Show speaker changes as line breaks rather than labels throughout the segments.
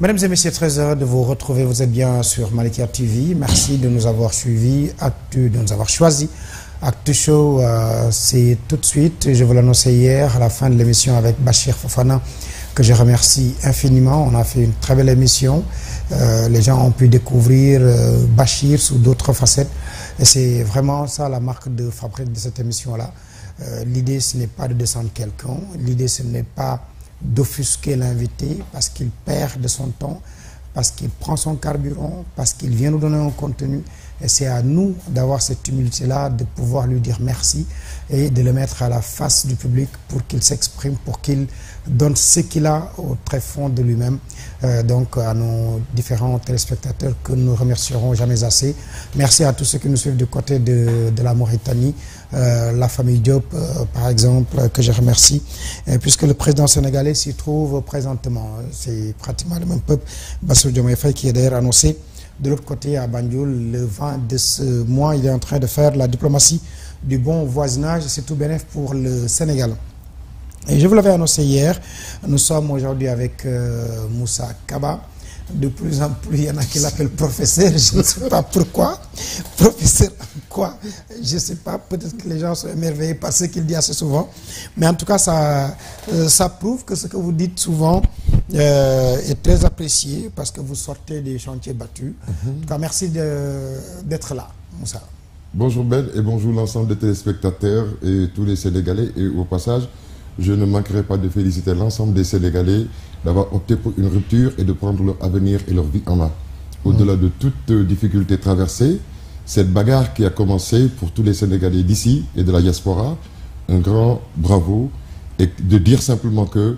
Mesdames et messieurs, très heureux de vous retrouver. Vous êtes bien sur Malikia TV. Merci de nous avoir suivis, actu, de nous avoir choisis. Actu Show, euh, c'est tout de suite. Je vous l'annonçais hier à la fin de l'émission avec Bachir Fofana, que je remercie infiniment. On a fait une très belle émission. Euh, les gens ont pu découvrir euh, Bachir sous d'autres facettes. Et c'est vraiment ça la marque de fabrique de cette émission-là. L'idée, ce n'est pas de descendre quelqu'un. L'idée, ce n'est pas d'offusquer l'invité parce qu'il perd de son temps, parce qu'il prend son carburant, parce qu'il vient nous donner un contenu. Et c'est à nous d'avoir cette humilité-là, de pouvoir lui dire merci et de le mettre à la face du public pour qu'il s'exprime, pour qu'il donne ce qu'il a au très fond de lui-même. Euh, donc à nos différents téléspectateurs que nous remercierons jamais assez. Merci à tous ceux qui nous suivent du côté de, de la Mauritanie. Euh, la famille Diop, euh, par exemple, euh, que je remercie, puisque le président sénégalais s'y trouve présentement. C'est pratiquement le même peuple, Basso Diomaye qui est d'ailleurs annoncé de l'autre côté à Banjul le 20 de ce mois. Il est en train de faire la diplomatie du bon voisinage, c'est tout bénéf pour le Sénégal. Et je vous l'avais annoncé hier, nous sommes aujourd'hui avec Moussa Kaba, de plus en plus, il y en a qui l'appellent professeur, je ne sais pas pourquoi. Professeur quoi Je ne sais pas, peut-être que les gens sont émerveillés par ce qu'il dit assez souvent. Mais en tout cas, ça, euh, ça prouve que ce que vous dites souvent euh, est très apprécié parce que vous sortez des chantiers battus. En mhm. tout cas, merci d'être là, Moussa.
Bonjour Belle et bonjour l'ensemble des téléspectateurs et tous les Sénégalais et au passage je ne manquerai pas de féliciter l'ensemble des Sénégalais d'avoir opté pour une rupture et de prendre leur avenir et leur vie en main. Au-delà de toute difficulté traversée, cette bagarre qui a commencé pour tous les Sénégalais d'ici et de la diaspora, un grand bravo et de dire simplement que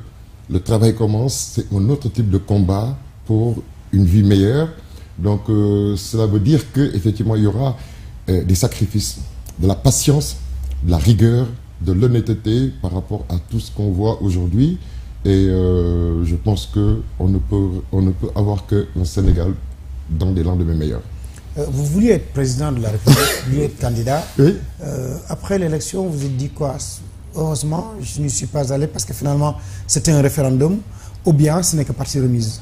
le travail commence, c'est un autre type de combat pour une vie meilleure. Donc euh, cela veut dire qu'effectivement il y aura euh, des sacrifices, de la patience, de la rigueur, de l'honnêteté par rapport à tout ce qu'on voit aujourd'hui. Et euh, je pense qu'on ne peut, on ne peut avoir que le Sénégal dans des lendemains meilleurs.
Euh, vous vouliez être président de la République, vous vouliez être candidat. Euh, après l'élection, vous vous êtes dit quoi Heureusement, je n'y suis pas allé parce que finalement, c'était un référendum. Ou bien, ce n'est que partie remise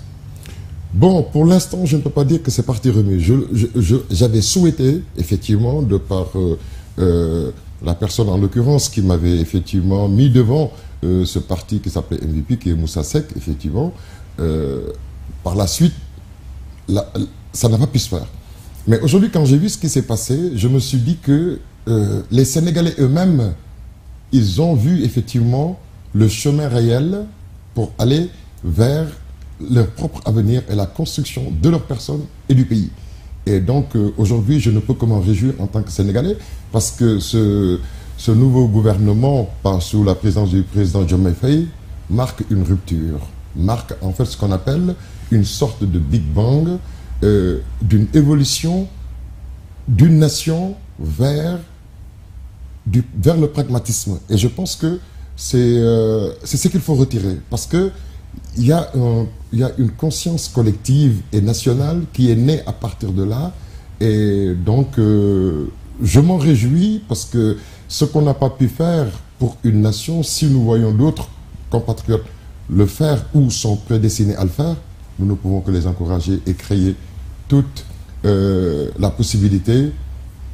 Bon, pour l'instant, je ne peux pas dire que
c'est partie remise. J'avais souhaité, effectivement, de par la personne en l'occurrence qui m'avait effectivement mis devant euh, ce parti qui s'appelait MVP, qui est Moussa Sek, effectivement, euh, par la suite, ça n'a pas pu se faire. Mais aujourd'hui, quand j'ai vu ce qui s'est passé, je me suis dit que euh, les Sénégalais eux-mêmes, ils ont vu effectivement le chemin réel pour aller vers leur propre avenir et la construction de leur personne et du pays. Et donc euh, aujourd'hui, je ne peux que m'en réjouir en tant que Sénégalais parce que ce, ce nouveau gouvernement, par, sous la présence du président John Faye, marque une rupture, marque en fait ce qu'on appelle une sorte de Big Bang, euh, d'une évolution d'une nation vers, du, vers le pragmatisme. Et je pense que c'est euh, ce qu'il faut retirer parce que il y, a y a une conscience collective et nationale qui est née à partir de là. Et donc, euh, je m'en réjouis parce que ce qu'on n'a pas pu faire pour une nation, si nous voyons d'autres compatriotes le faire ou sont prédestinés à le faire, nous ne pouvons que les encourager et créer toute euh, la possibilité,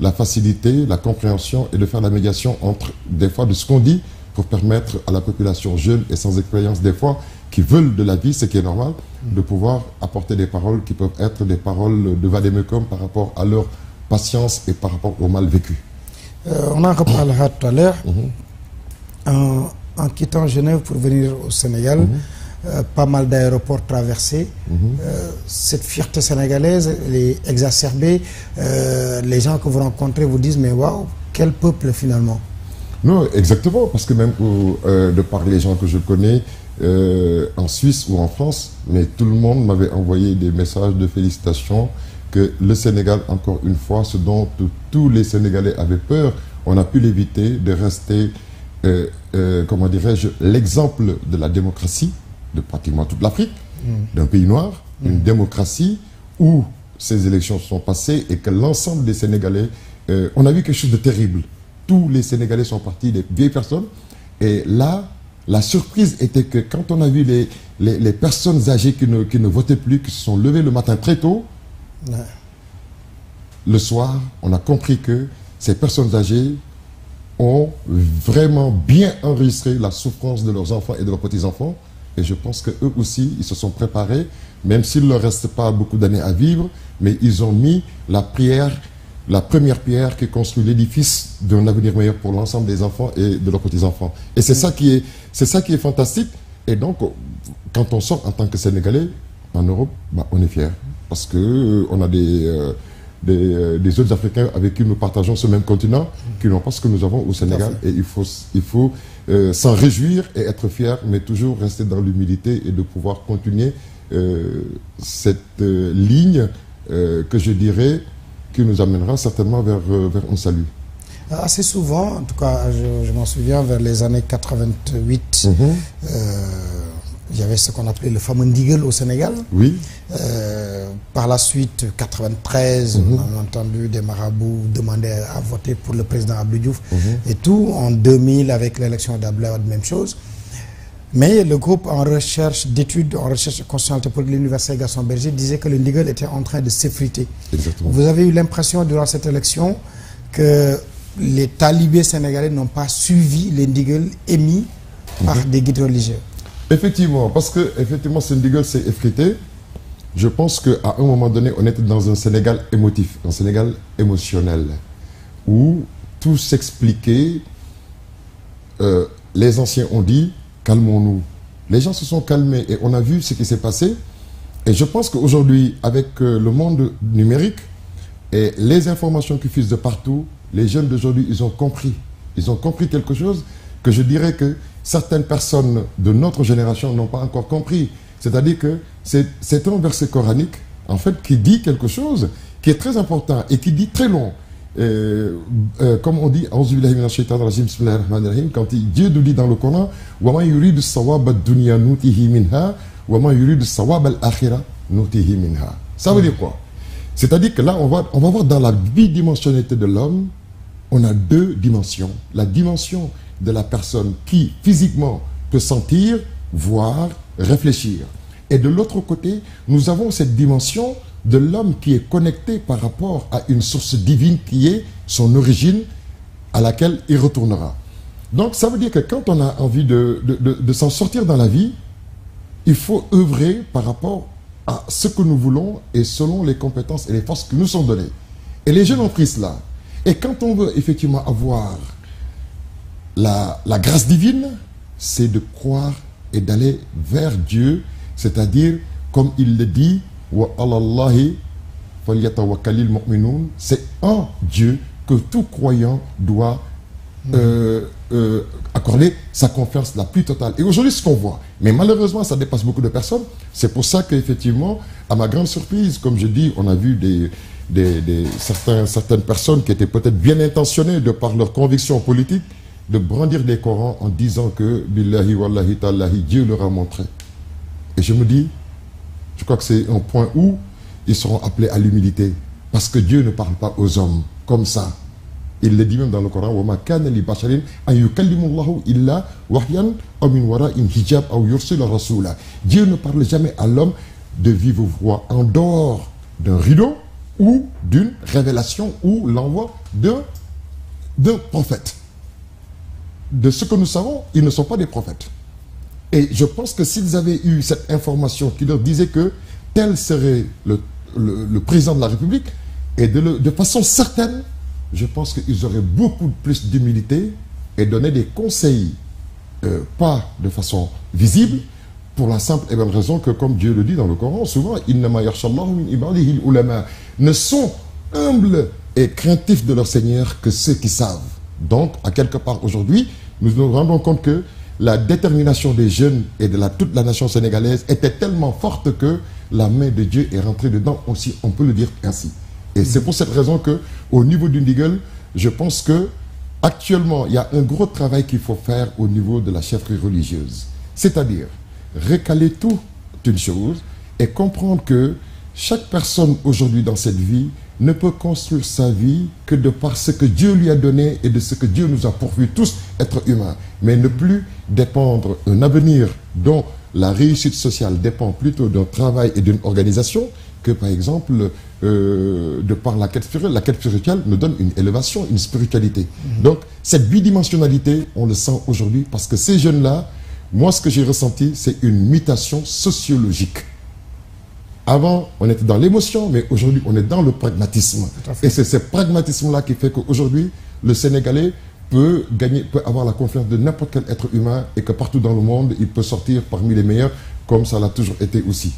la facilité, la compréhension et de faire la médiation entre des fois de ce qu'on dit pour permettre à la population jeune et sans expérience des fois qui veulent de la vie, ce qui est normal, de pouvoir apporter des paroles qui peuvent être des paroles de vademecum par rapport à leur patience et par rapport au mal vécu.
Euh, on en reparlera tout à l'heure. Mhm. En, quittant Genève pour venir au Sénégal, mhm. euh, pas mal d'aéroports traversés. Mhm. Euh, cette fierté sénégalaise, est exacerbée. les gens que vous rencontrez vous disent, mais waouh, quel peuple finalement.
Non, exactement, parce que même de par les gens que je connais, euh, en Suisse ou en France, mais tout le monde m'avait envoyé des messages de félicitations que le Sénégal, encore une fois, ce dont tous les Sénégalais avaient peur, on a pu l'éviter de rester, euh, euh, comment dirais-je, l'exemple de la démocratie de pratiquement toute l'Afrique, mm. d'un pays noir, mm. une démocratie où ces élections sont passées et que l'ensemble des Sénégalais, on a vu quelque chose de terrible. Tous les Sénégalais sont partis des vieilles personnes et là, la surprise était que quand on a vu les, les, personnes âgées qui ne, qui ne, votaient plus, qui se sont levées le matin très tôt, le soir, on a compris que ces personnes âgées ont vraiment bien enregistré la souffrance de leurs enfants et de leurs petits-enfants. Et je pense qu'eux aussi, ils se sont préparés, même s'il ne leur reste pas beaucoup d'années à vivre, mais ils ont mis la prière la première pierre qui construit l'édifice d'un avenir meilleur pour l'ensemble des enfants et de leurs petits-enfants. Et c'est ça, qui est, c'est ça qui est fantastique. Et donc, quand on sort en tant que Sénégalais en Europe, bah, on est fier Parce qu'on euh, on a des, euh, euh, des, autres Africains avec qui nous partageons ce même continent qui n'ont pas ce que nous avons au Sénégal. Et il faut, il faut s'en réjouir et être fier, mais toujours rester dans l'humilité et de pouvoir continuer cette ligne que je dirais qui nous amènera certainement vers, euh, vers un salut
ah, Assez souvent, en tout cas, je, m'en souviens, vers les années 88, mhm. euh, il y avait ce qu'on appelait le fameux Ndigel au Sénégal. Oui. Euh, par la suite, 93, mhm. on a entendu des marabouts demander à voter pour le président Abdou mhm. et tout. En 2000, avec l'élection de même chose. Mais le groupe en recherche d'études, en recherche de pour l'université gasson Berger disait que le Nigel était en train de s'effriter. Vous avez eu l'impression durant cette élection que les talibés sénégalais n'ont pas suivi le Nigel émis par mhm. des guides religieux. Effectivement,
parce que effectivement, ce Nigel s'est effrité. Je pense qu'à un moment donné, on était dans un Sénégal émotif, un Sénégal émotionnel, où tout s'expliquait. Euh, les anciens ont dit calmons-nous. Les gens se sont calmés et on a vu ce qui s'est passé. Et je pense qu'aujourd'hui, avec euh, le monde numérique et les informations qui fusent de partout, les jeunes d'aujourd'hui, ils ont compris. Ils ont compris quelque chose que je dirais que certaines personnes de notre génération n'ont pas encore compris. C'est-à-dire que c'est un verset coranique, en fait, qui dit quelque chose qui est très important et qui dit très long. Euh, euh, comme on dit, quand Dieu nous dit dans le Coran, Ça veut dire quoi C'est-à-dire que là, on va, on va voir dans la bidimensionnalité de l'homme, on a deux dimensions. La dimension de la personne qui physiquement peut sentir, voir, réfléchir. Et de l'autre côté, nous avons cette dimension de l'homme qui est connecté par rapport à une source divine qui est son origine à laquelle il retournera. Donc ça veut dire que quand on a envie de, s'en sortir dans la vie, il faut œuvrer par rapport à ce que nous voulons et selon les compétences et les forces qui nous sont données. Et les jeunes ont pris cela. Et quand on veut effectivement avoir la, la grâce divine, c'est de croire et d'aller vers Dieu, c'est-à-dire, comme il le dit, c'est en Dieu que tout croyant doit euh, euh, accorder sa confiance la plus totale. Et aujourd'hui, ce qu'on voit, mais malheureusement, ça dépasse beaucoup de personnes. C'est pour ça qu'effectivement, à ma grande surprise, comme je dis, on a vu des, des, certains, certaines personnes qui étaient peut-être bien intentionnées de par leur conviction politique de brandir des Corans en disant que Billahi Dieu leur a montré. Et je me dis, je crois que c'est un point où ils seront appelés à l'humilité. Parce que Dieu ne parle pas aux hommes comme ça. Il le dit même dans le Coran, Dieu ne parle jamais à l'homme de vivre voix en dehors d'un rideau ou d'une révélation ou l'envoi d'un prophète. De ce que nous savons, ils ne sont pas des prophètes. Et je pense que s'ils avaient eu cette information qui leur disait que tel serait le, le, président de la République, et de, de façon certaine, je pense qu'ils auraient beaucoup plus d'humilité et donné des conseils, euh, pas de façon visible, pour la simple et bonne raison que, comme Dieu le dit dans le Coran, souvent, ne sont humbles et craintifs de leur Seigneur que ceux qui savent. Donc, à quelque part aujourd'hui, nous nous rendons compte que la détermination des jeunes et de toute la nation sénégalaise était tellement forte que la main de Dieu est rentrée dedans aussi, on peut le dire ainsi. Et c'est pour cette raison que, au niveau du Nigel, je pense que actuellement, il y a un gros travail qu'il faut faire au niveau de la chefferie religieuse. C'est-à-dire, recaler tout une chose et comprendre que chaque personne aujourd'hui dans cette vie ne peut construire sa vie que de par ce que Dieu lui a donné et de ce que Dieu nous a pourvu tous, être humains. Mais ne plus dépendre d'un avenir dont la réussite sociale dépend plutôt d'un travail et d'une organisation que, par exemple, euh, de par la quête spirituelle. La quête spirituelle nous donne une élévation, une spiritualité. Mhm. Donc, cette bidimensionnalité, on le sent aujourd'hui parce que ces jeunes-là, moi, ce que j'ai ressenti, c'est une mutation sociologique. Avant, on était dans l'émotion, mais aujourd'hui, on est dans le pragmatisme. Et c'est ce pragmatisme-là qui fait qu'aujourd'hui, le Sénégalais peut, gagner, peut avoir la confiance de n'importe quel être humain et que partout dans le monde, il peut sortir parmi les meilleurs, comme ça l'a toujours été aussi.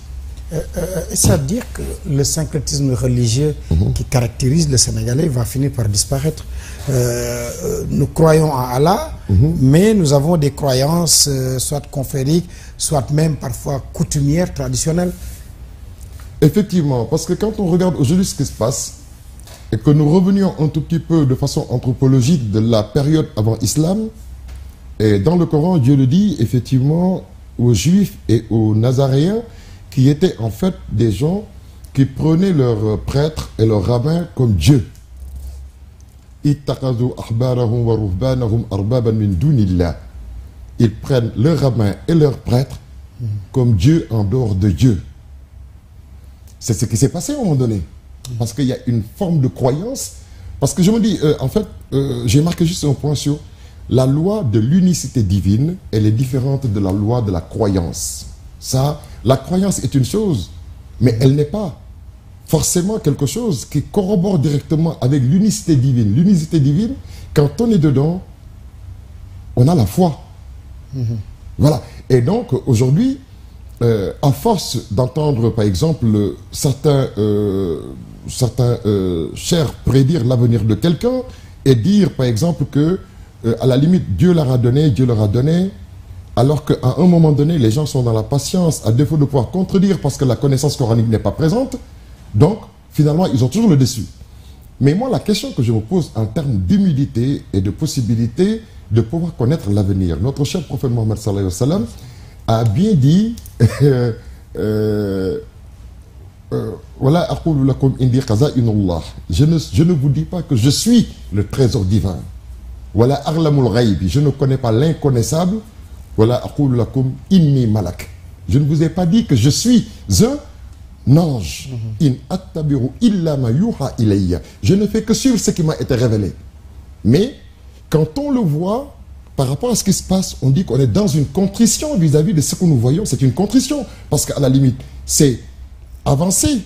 Euh, à euh, ça dire que le syncrétisme religieux mhm. qui caractérise le Sénégalais va finir par disparaître. Euh, euh, nous croyons à Allah, mhm. mais nous avons des croyances soit confériques, soit même parfois coutumières, traditionnelles. Effectivement, parce que quand on regarde aujourd'hui
ce qui se passe, et que nous revenions un tout petit peu de façon anthropologique de la période avant l'islam, et dans le Coran, Dieu le dit effectivement aux Juifs et aux Nazaréens, qui étaient en fait des gens qui prenaient leurs prêtres et leurs rabbins comme Dieu. Ils prennent leurs rabbins et leurs prêtres comme Dieu en dehors de Dieu. C'est ce qui s'est passé à un moment donné. Parce qu'il y a une forme de croyance. Parce que je me dis, euh, en fait, euh, j'ai marqué juste un point sur la loi de l'unicité divine, elle est différente de la loi de la croyance. Ça, la croyance est une chose, mais elle n'est pas forcément quelque chose qui corrobore directement avec l'unicité divine. L'unicité divine, quand on est dedans, on a la foi. Mhm. Voilà. Et donc, aujourd'hui, à euh, force d'entendre, par exemple, euh, certains, euh, certains chers prédire l'avenir de quelqu'un et dire, par exemple, que, à la limite, Dieu leur a donné, Dieu leur a donné, alors qu'à un moment donné, les gens sont dans la patience, à défaut de pouvoir contredire parce que la connaissance coranique n'est pas présente. Donc, finalement, ils ont toujours le dessus. Mais moi, la question que je me pose en termes d'humilité et de possibilité de pouvoir connaître l'avenir, notre cher prophète Mohammed a bien dit voilà, euh, euh, euh, je ne, je ne vous dis pas que je suis le trésor divin. Voilà, je ne connais pas l'inconnaissable. Voilà, Je ne vous ai pas dit que je suis un ange. In Je ne fais que suivre ce qui m'a été révélé. Mais quand on le voit, par rapport à ce qui se passe, on dit qu'on est dans une contrition vis-à-vis de ce que nous voyons. C'est une contrition, parce qu'à la limite, c'est avancer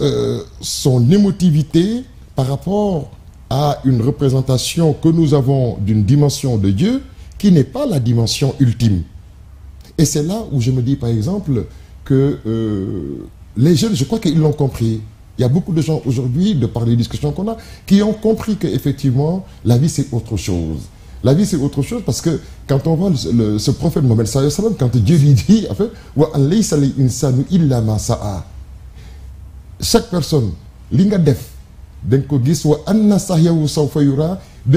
euh, son émotivité par rapport à une représentation que nous avons d'une dimension de Dieu qui n'est pas la dimension ultime. Et c'est là où je me dis, par exemple, que euh, les jeunes, je crois qu'ils l'ont compris. Il y a beaucoup de gens aujourd'hui, de par les discussions qu'on a, qui ont compris qu'effectivement, la vie, c'est autre chose. La vie, c'est autre chose parce que quand on voit ce prophète Mohamed Sallallahu quand Dieu lui dit, en fait, chaque personne, l'inga def, de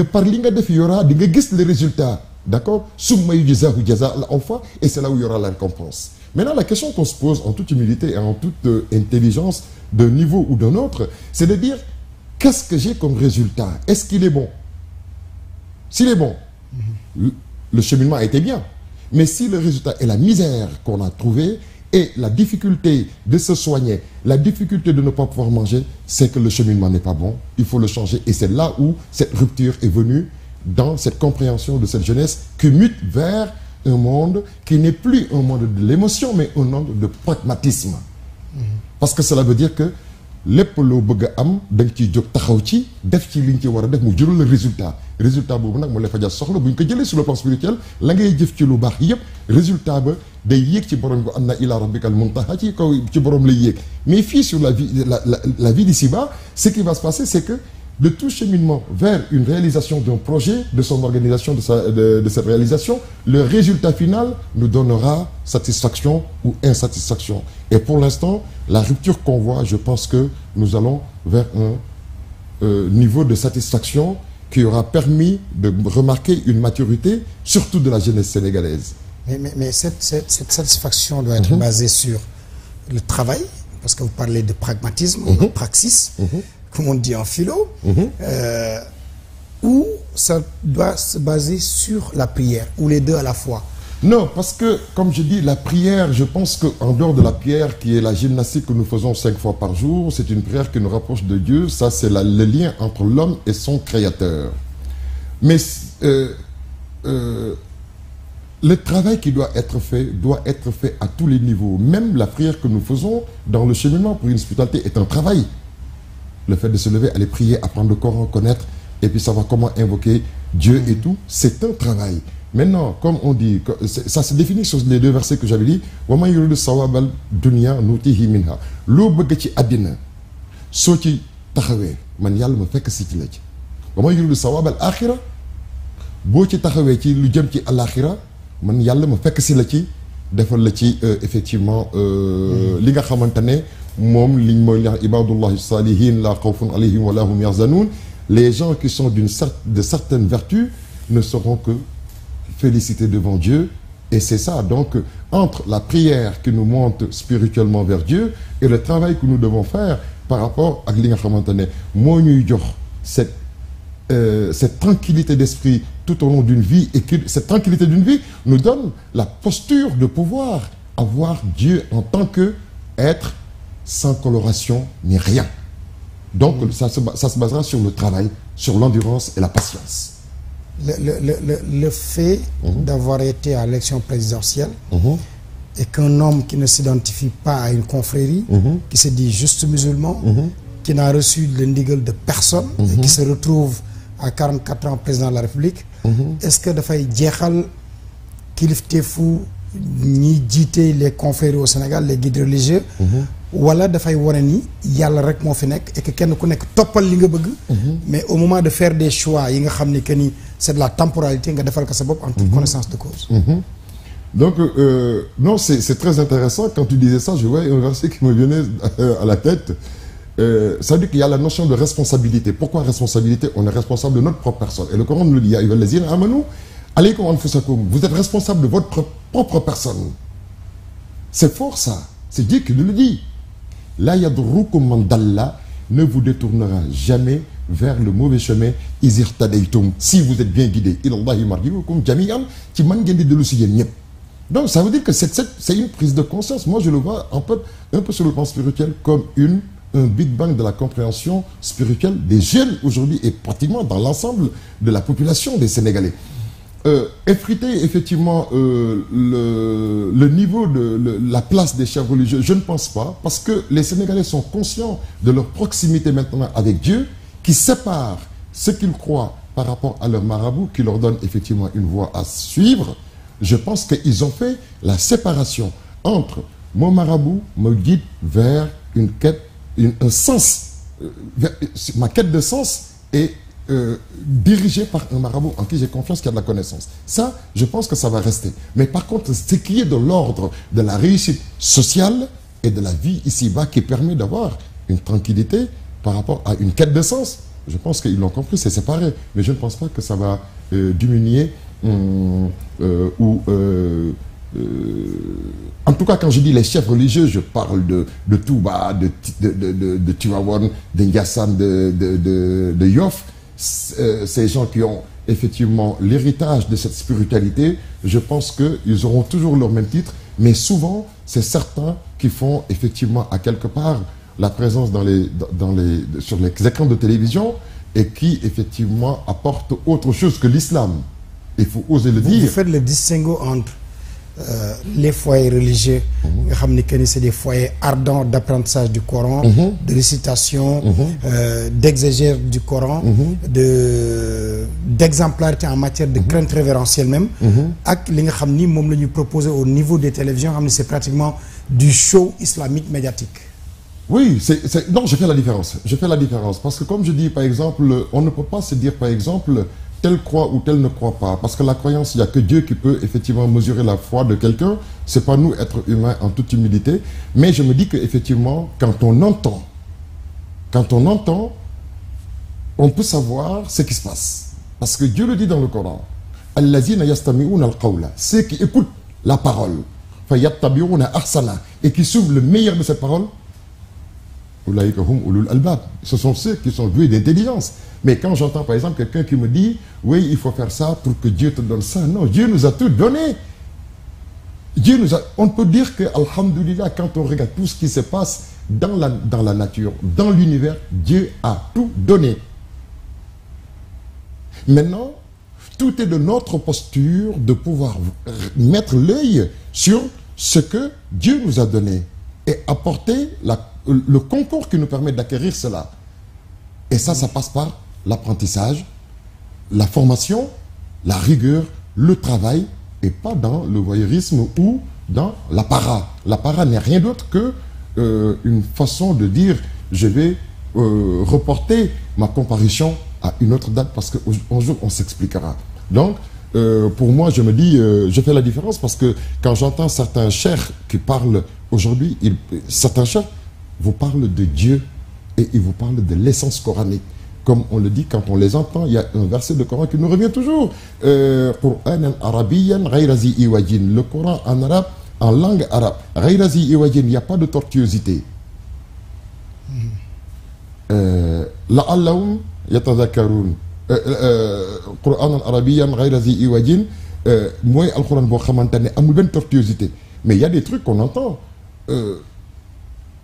par l'inga def, il y aura, le résultat. D'accord Et c'est là où il y aura la récompense. Maintenant, la question qu'on se pose en toute humilité et en toute euh, intelligence, d'un niveau ou d'un autre, c'est de dire, qu'est-ce que j'ai comme résultat Est-ce qu'il est bon s'il est bon, le cheminement a été bien. Mais si le résultat est la misère qu'on a trouvée et la difficulté de se soigner, la difficulté de ne pas pouvoir manger, c'est que le cheminement n'est pas bon. Il faut le changer. Et c'est là où cette rupture est venue dans cette compréhension de cette jeunesse qui mute vers un monde qui n'est plus un monde de l'émotion, mais un monde de pragmatisme. Parce que cela veut dire que les lo bëgg am da taxaw ci def def mu résultat résultat boobu nag lay ko sur le plan spirituel la ngay jëf ci lu résultat ba day yéeg ci borom ila rabbikal muntaha ci ci borom lay mais sur la vie la vie ce qui va se passer c'est que de tout cheminement vers une réalisation d'un projet, de son organisation, de, sa, cette réalisation, le résultat final nous donnera satisfaction ou insatisfaction. Et pour l'instant, la rupture qu'on voit, je pense que nous allons vers un euh, niveau de satisfaction qui aura permis de remarquer une maturité, surtout de la jeunesse sénégalaise.
Mais, cette, satisfaction doit être mhm. basée sur le travail, parce que vous parlez de pragmatisme, mhm. de praxis. Mhm comme on dit en philo, mhm. euh, ou ça doit se baser sur la prière, ou les deux à la fois Non, parce que, comme je dis, la
prière, je pense qu'en dehors de la prière, qui est la gymnastique que nous faisons cinq fois par jour, c'est une prière qui nous rapproche de Dieu, ça c'est le lien entre l'homme et son créateur. Mais euh, euh, le travail qui doit être fait doit être fait à tous les niveaux. Même la prière que nous faisons dans le cheminement pour une spiritualité est un travail le fait de se lever, aller prier, apprendre le Coran, connaître, et puis savoir comment invoquer Dieu et tout, c'est un travail. Maintenant, comme on dit, ça se définit sur les deux versets que j'avais dit. loo bëgg ci àddina soo ci taxawee man yàlla ma fekk si ci la ci wama ma yuridu sawaabal axira boo ci taxawee ci lu jëm ci alaxira man yàlla ma fekk si la ci defal la ci euh, effectivement euh, mm. li nga xamante salihin la hum les gens qui sont d'une de certaines vertus ne seront que félicités devant Dieu et c'est ça donc entre la prière qui nous monte spirituellement vers Dieu et le travail que nous devons faire par rapport à li nga cette euh, cette tranquillité d'esprit tout au long d'une vie et cette tranquillité d'une vie nous donne la posture de pouvoir avoir Dieu en tant que être sans coloration ni rien. Donc mm. ça, se, basera sur le travail, sur l'endurance et la patience.
Le, fait mm-hmm. d'avoir été à l'élection présidentielle mm-hmm. et qu'un homme qui ne s'identifie pas à une confrérie, mm-hmm. qui se dit juste musulman, qui n'a reçu le de personne et qui se retrouve à 44 ans président de la République, est-ce que qu'il était qu'il ni jiite les confréries au Sénégal les guides religieux wala dafay wane ni yalla rek mo fi nek et que kenn ku nek topal li nga bëgg. Mhm. mais au moment de faire des choix yi nga c'est de la temporalité nga defal ka sa en toute mhm. connaissance de cause.
Mhm. Donc, euh, euh, non, c'est très intéressant. Quand tu disais ça, je voyais un verset qui me venait euh, à la tête. Euh, ça dit qu'il y a la notion de responsabilité. Pourquoi responsabilité On est responsable de notre propre personne. Et le Coran nous le dit, vous êtes responsable de votre propre personne. C'est fort ça. C'est Dieu qui nous le dit. La ne vous détournera jamais vers le mauvais chemin. si vous êtes bien guidé. Donc ça veut dire que c'est une prise de conscience. Moi je le vois un peu, un peu sur le plan spirituel comme une un big bang de la compréhension spirituelle des jeunes aujourd'hui et pratiquement dans l'ensemble de la population des Sénégalais. Euh, effriter effectivement euh, le, niveau de la place des chefs religieux, je ne pense pas, parce que les Sénégalais sont conscients de leur proximité maintenant avec Dieu, qui sépare ce qu'ils croient par rapport à leur marabout, qui leur donne effectivement une voie à suivre. Je pense qu'ils ont fait la séparation entre mon marabout me guide vers une quête, un sens, euh, ma quête de sens et euh, dirigé par un marabout en qui j'ai confiance, qui a de la connaissance. Ça, je pense que ça va rester. Mais par contre, ce qui est de l'ordre de la réussite sociale et de la vie ici-bas qui permet d'avoir une tranquillité par rapport à une quête de sens, je pense qu'ils l'ont compris, c'est séparé. Mais je ne pense pas que ça va euh, diminuer hum, euh, ou... en tout cas, quand je dis les chefs religieux, je parle de, de Touba, de, de, de, de, de de Yoff, euh, ces gens qui ont effectivement l'héritage de cette spiritualité, je pense qu'ils auront toujours leur même titre, mais souvent, c'est certains qui font effectivement à quelque part la présence dans les, dans les, sur les écrans de télévision et qui effectivement apportent autre chose que l'islam. Il faut oser le dire. Vous faites
le distinguo entre euh, les foyers religieux nga c'est des foyers ardents d'apprentissage du Coran mhm. de récitation mhm. euh, d'exégère du Coran mhm. de d'exemplarité en matière de crainte révérentielle même Et li proposer au niveau des télévisions c'est pratiquement du show islamique médiatique oui c'est non je fais la différence
je fais la différence parce que comme je dis par exemple on ne peut pas se dire par exemple croit ou qu'elle ne croit pas. Parce que la croyance, il n'y a que Dieu qui peut effectivement mesurer la foi de quelqu'un. c'est pas nous, être humains, en toute humilité. Mais je me dis qu'effectivement, quand on entend, quand on entend, on peut savoir ce qui se passe. Parce que Dieu le dit dans le Coran. Ceux qui écoutent la parole et qui suivent le meilleur de cette parole, hum ce sont ceux qui sont doués d'intelligence. Mais quand j'entends par exemple quelqu'un qui me dit, oui, il faut faire ça pour que Dieu te donne ça, non, Dieu nous a tout donné. Dieu nous a... On peut dire que, alhamdoulilah, quand on regarde tout ce qui se passe dans la, dans la nature, dans l'univers, Dieu a tout donné. Maintenant, tout est de notre posture de pouvoir mettre l'œil sur ce que Dieu nous a donné et apporter le concours qui nous permet d'acquérir cela. Et ça, ça passe par l'apprentissage, la formation, la rigueur, le travail, et pas dans le voyeurisme ou dans la para. La para n'est rien d'autre que euh, une façon de dire je vais euh, reporter ma comparution à une autre date parce qu'un jour on s'expliquera. Donc, euh, pour moi, je me dis, je fais la différence parce que quand j'entends certains chers qui parlent aujourd'hui, certains chers vous parlent de Dieu et ils vous parlent de l'essence coranique comme on le dit quand on les entend, il y a un verset de Coran qui nous revient toujours. Euh, le Coran en arabe, en langue arabe, il n'y a pas de tortuosité. Hmm. Euh, la'allahum yatazakaroun. Coran euh, euh, en arabien, ghayrazi iwajin. Moi, le Coran, amul ben tortuosité. Mais il y a des trucs qu'on entend. Euh,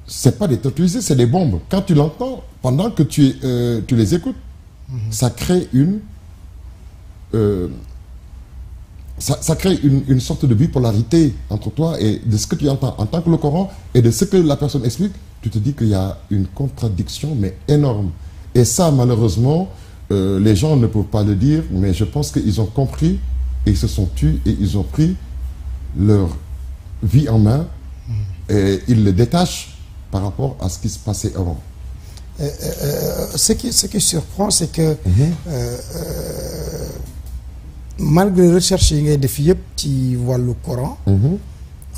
c'est pas des tortues, c'est des bombes. Quand tu l'entends, pendant que tu, euh, les écoutes, mhm. ça crée une. Euh, ça, crée une, sorte de bipolarité entre toi et de ce que tu entends en tant que le Coran et de ce que la personne explique. Tu te dis qu'il y a une contradiction, mais énorme. Et ça, malheureusement, euh, les gens ne peuvent pas le dire, mais je pense qu'ils ont compris et ils se sont tués et ils ont pris leur vie en main mhm. et ils le détachent par rapport à ce qui se passait avant
euh, euh, euh, ce, qui, ce qui surprend, c'est que mhm. malgré les recherches et les filles qui voient le mhm. Coran,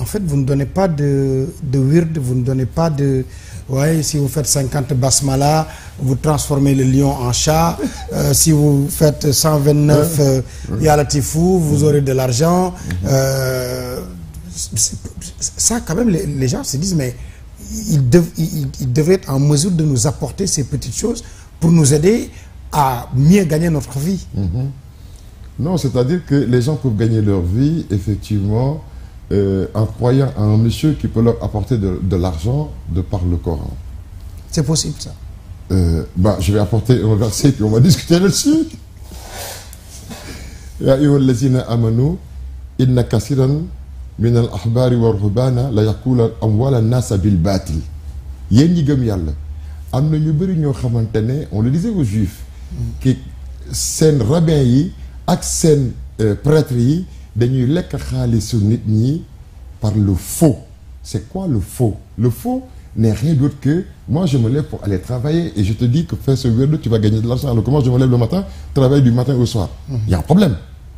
en fait, vous ne donnez pas de, de vous ne donnez pas de. Ouais, si vous faites 50 basmala, vous transformez le lion en chat. si vous faites 129 yalatifou, vous aurez de l'argent. Mhm. ça, quand même, les gens se disent, mais il, devait devrait être en mesure de nous apporter ces petites choses pour nous aider à mieux gagner notre vie. Mhm.
Non, c'est-à-dire que les gens peuvent gagner leur vie, effectivement, euh, en croyant à un monsieur qui peut leur apporter de, l'argent de par le Coran.
C'est possible, ça.
Euh, bah, je vais apporter un verset, puis on va discuter là-dessus min al ahbaari wa ruhbaana la yaqula amwala nasa bil baatil Yeni ñi gëm yàlla am ñu bëri on le disait aux juifs ki sen rabbin yi ak sen euh, prêtre yi dañuy lek nit ñi par le faux c'est quoi le faux le faux n'est rien d'autre que moi je me lève pour aller travailler et je te dis que fais ce que tu vas gagner de l'argent alors que je me lève le matin travaille du matin au soir il mmh. y a un problème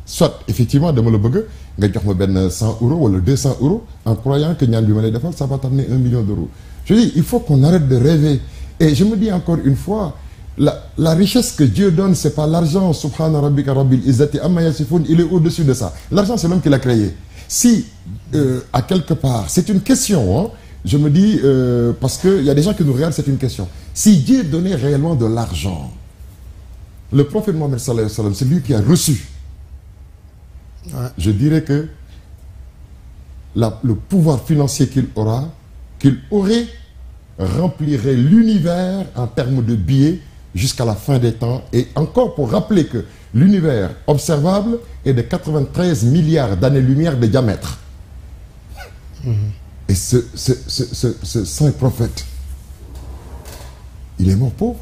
soit effectivement dama le bëgg nga jox ma ben 100 euros wala 200 euros en croyant que ñaan bi lay defal ça va t'amener un million d'euros je dis il faut qu'on arrête de rêver et je me dis encore une fois la richesse que Dieu donne c'est pas l'argent subhana rabbika rabbil izzati amma yasifun il est au-dessus de ça l'argent c'est l'homme qui l'a créé si euh, à quelque part c'est une question hein, je me dis euh, parce que il y a des gens qui nous regardent c'est une question si Dieu donnait réellement de l'argent le prophète Mohammed sallallahu c'est lui qui a reçu je dirais que le pouvoir financier qu'il aura, qu'il aurait, remplirait l'univers en termes de billets jusqu'à la fin des temps. Et encore pour rappeler que l'univers observable est de 93 milliards d'années-lumière de diamètre. Mhm. Et ce, saint prophète, il est mort pauvre.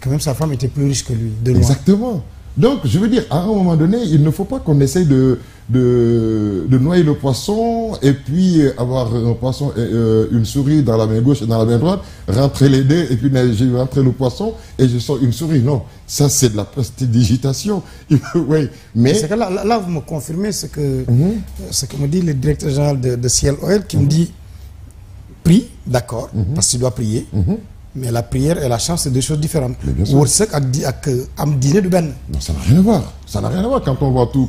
quand même, sa femme était plus riche que lui, Exactement. Donc, je veux dire,
à un moment donné, il ne faut pas qu'on essaye de, de, noyer le poisson et puis avoir un poisson, euh, une souris dans la main gauche et dans la main droite, rentrer les deux et puis rentrer le poisson et je sors une souris. Non, ça c'est de la prestidigitation.
oui, mais... là, vous me confirmez ce que, mhm. ce que me dit le directeur général de, de Ciel qui me mhm. dit, prie, d'accord, mhm. parce que tu prier, mais la prière et la chance, c'est deux choses différentes. à euh, non ça n'a rien à voir
ça n'a rien à voir quand on voit tout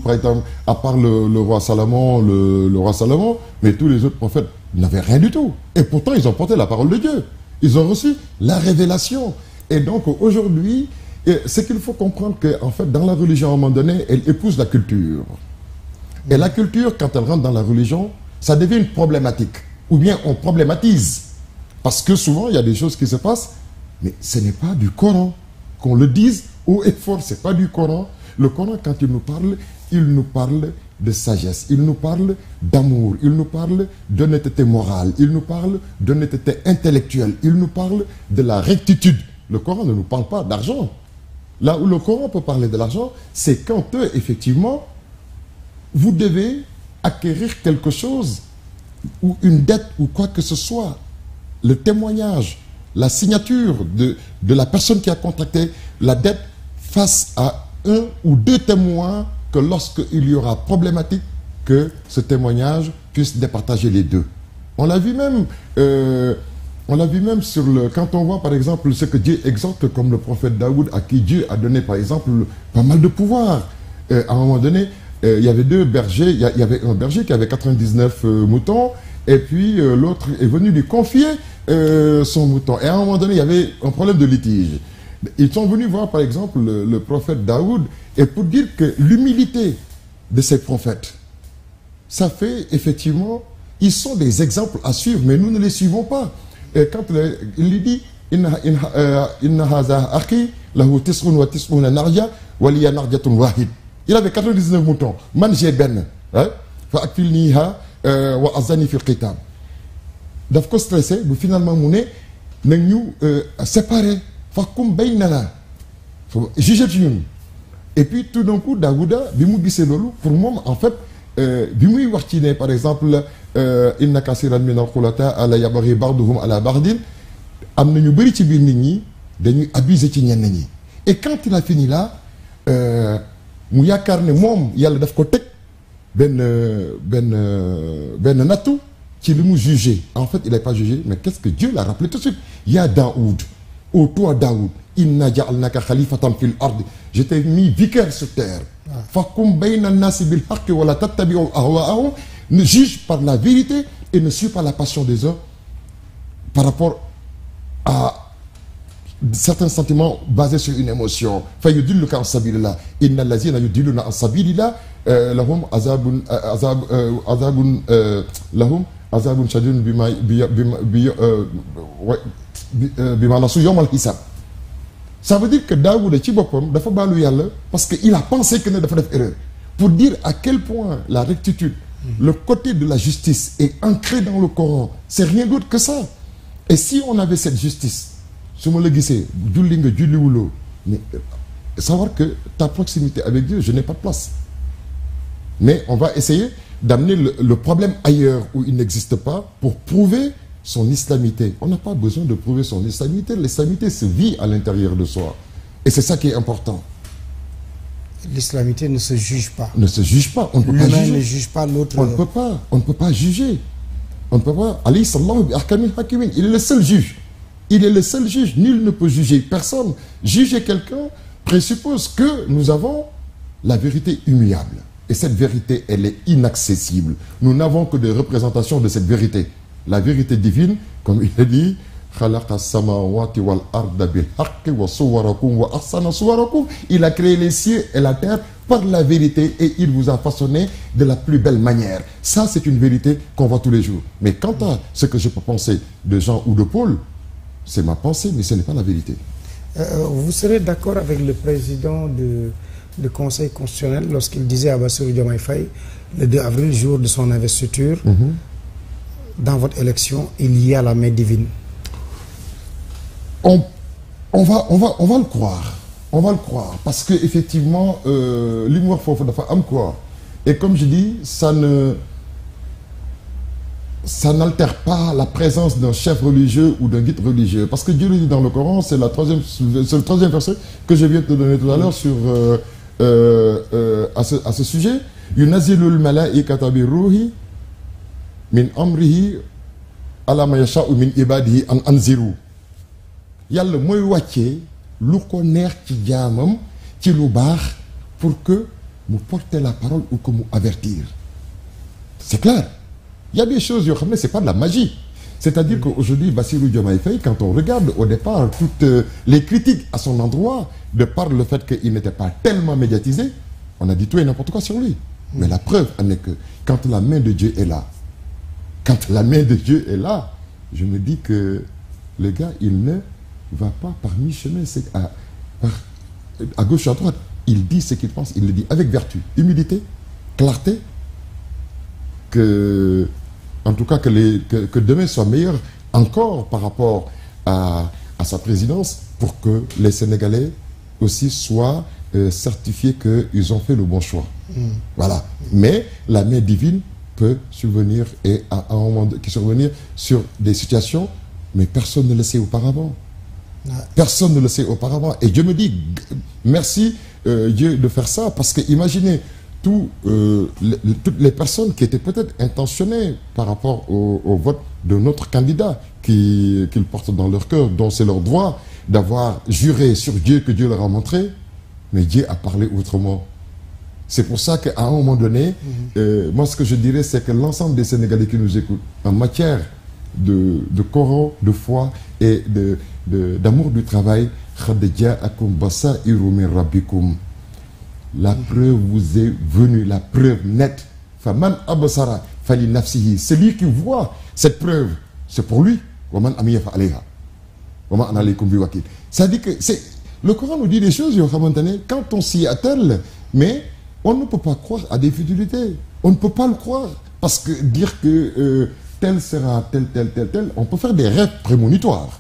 à part le, roi Salomon le, roi Salomon mais tous les autres prophètes n'avaient rien du tout et pourtant ils ont porté la parole de Dieu ils ont reçu la révélation et donc aujourd'hui c'est qu'il faut comprendre que en fait dans la religion à un moment donné elle épouse la culture et la culture quand elle rentre dans la religion ça devient une problématique ou bien on problématise parce que souvent, il y a des choses qui se passent, mais ce n'est pas du Coran. Qu'on le dise haut et fort, ce n'est pas du Coran. Le Coran, quand il nous parle, il nous parle de sagesse, il nous parle d'amour, il nous parle d'honnêteté morale, il nous parle d'honnêteté intellectuelle, il nous parle de la rectitude. Le Coran ne nous parle pas d'argent. Là où le Coran peut parler de l'argent, c'est quand, effectivement, vous devez acquérir quelque chose ou une dette ou quoi que ce soit le témoignage, la signature de, la personne qui a contracté la dette face à un ou deux témoins que lorsqu'il y aura problématique, que ce témoignage puisse départager les deux. On l'a vu même, euh, on l'a vu même sur le, quand on voit par exemple ce que Dieu exhorte comme le prophète Daoud à qui Dieu a donné par exemple pas mal de pouvoir. Euh, à un moment donné, euh, il y avait deux bergers, il y, avait un berger qui avait 99 moutons et puis euh, l'autre est venu lui confier euh, son mouton. Et à un moment donné, il y avait un problème de litige. Ils sont venus voir par exemple le, prophète Daoud et pour dire que l'humilité de ces prophètes, ça fait effectivement, ils sont des exemples à suivre, mais nous ne les suivons pas. Et quand il lui dit, il avait 99 moutons. Man ben. Hein? Euh, wa azani fi qitam daf stressé bu finalement mu nous ñu euh, séparé fakum baynana jugé et puis tout d'un coup dagouda bi mu gissé lolu pour mom en fait euh, bi muy wax ci né par exemple inna kasiran min ala yabari barduhum ala bardin am ñu ci bir nit ñi dañuy abuser ci ñenn ñi et quand il a fini là mu yakarne mom yalla daf ben Ben Ben nattu qui lui mu jugé en fait il n'est pas jugé mais qu'est-ce que Dieu l'a rappelé tout de suite a Daoud ô toi Daoud inna ja'alnaka khalifatan fil ard je t'ai mis vicaire sur terre il ah. bayna bil haqqi la tattabi'u ahwaahum ne juge par la vérité et ne suis pas la passion des hommes par rapport à certains sentiments basés sur une émotion fa yudilluka an sabilillah inna allazina yudilluna an sabilillah eh, eh, azab eh, azabun azabun hisab ça veut dire que Daoud ci parce qu'il a pensé qu'il n'y pas pas d'erreur pour dire à quel point la rectitude mhm. le côté de la justice est ancré dans le Coran c'est rien d'autre que ça et si on avait cette justice je me le disais mais savoir que ta proximité avec Dieu je n'ai pas de place mais on va essayer d'amener le, problème ailleurs où il n'existe pas pour prouver son islamité. On n'a pas besoin de prouver son islamité. L'islamité se vit à l'intérieur de soi. Et c'est ça qui est important.
L'islamité ne se juge pas.
Ne se juge pas. On ne peut juge
pas l'autre. On ne peut pas.
On ne peut pas juger. On ne peut pas. Ali sallallahu Il est le seul juge. Il est le seul juge. Nul ne peut juger personne. Juger quelqu'un présuppose que nous avons la vérité humiliable. Et cette vérité, elle est inaccessible. Nous n'avons que des représentations de cette vérité. La vérité divine, comme il a dit, il a créé les cieux et la terre par la vérité et il vous a façonné de la plus belle manière. Ça, c'est une vérité qu'on voit tous les jours. Mais quant à ce que je peux penser de Jean ou de Paul, c'est ma pensée, mais ce n'est pas la vérité.
Euh, vous serez d'accord avec le président de le Conseil constitutionnel, lorsqu'il disait à Bassirou Diomaye Faye, le 2 avril, jour de son investiture, mhm. dans votre élection, il y a la main divine on,
va, on, va, on va le croire. On va le croire. Parce que effectivement, euh, l'humour faut am quoi. Et comme je dis, ça ne ça n'altère pas la présence d'un chef religieux ou d'un guide religieux. Parce que Dieu le dit dans le Coran, c'est le troisième verset que je viens de te donner tout à l'heure sur euh, euh, euh, à, ce, à, ce, sujet. Yunazilul malaikata ruhi min amrihi ala ma yasha'u min ibadi an anziru yàlla mooy wàccee lu ko neex ci jaamam ci lu pour que nous porter la parole ou que nous avertir c'est clair il y a des choses ne c'est pas de la magie c'est-à-dire qu'aujourd'hui, Bassirou Diomaye quand on regarde au départ toutes euh, les critiques à son endroit, de par le fait qu'il n'était pas tellement médiatisé, on a dit tout et n'importe quoi sur lui. Mais la preuve en que quand la main de Dieu est là, quand la main de Dieu est là, je me dis que le gars, il ne va pas parmi mi-chemin, c'est à, à gauche ou à droite. Il dit ce qu'il pense, il le dit avec vertu, humilité, clarté, que en tout cas que, demain soit meilleur encore par rapport à, sa présidence pour que les Sénégalais aussi soient euh, certifiés qu'ils ont fait le bon choix. Mm. Voilà. Mais la main divine peut survenir et à, un moment qui survenir sur des situations, mais personne ne le sait auparavant. Personne ne le sait auparavant. Et Dieu me dit, merci euh, Dieu de faire ça, parce que imaginez, euh, toutes les personnes qui étaient peut-être intentionnées par rapport au, vote de notre candidat qu'ils portent dans leur cœur, dont c'est leur droit d'avoir juré sur Dieu que Dieu leur a montré, mais Dieu a parlé autrement. C'est pour ça qu'à un moment donné, mhm. euh, moi ce que je dirais, c'est que l'ensemble des Sénégalais qui nous écoutent, en matière de, de coran, de foi et d'amour de, de, du travail, « la preuve vous est venue, la preuve nette. Faman lui nafsihi. Celui qui voit cette preuve, c'est pour lui. Waman Ça dit que Le Coran nous dit des choses, quand on s'y attelle, mais on ne peut pas croire à des futilités. On ne peut pas le croire. Parce que dire que euh, tel sera tel, tel, tel, tel, on peut faire des rêves prémonitoires.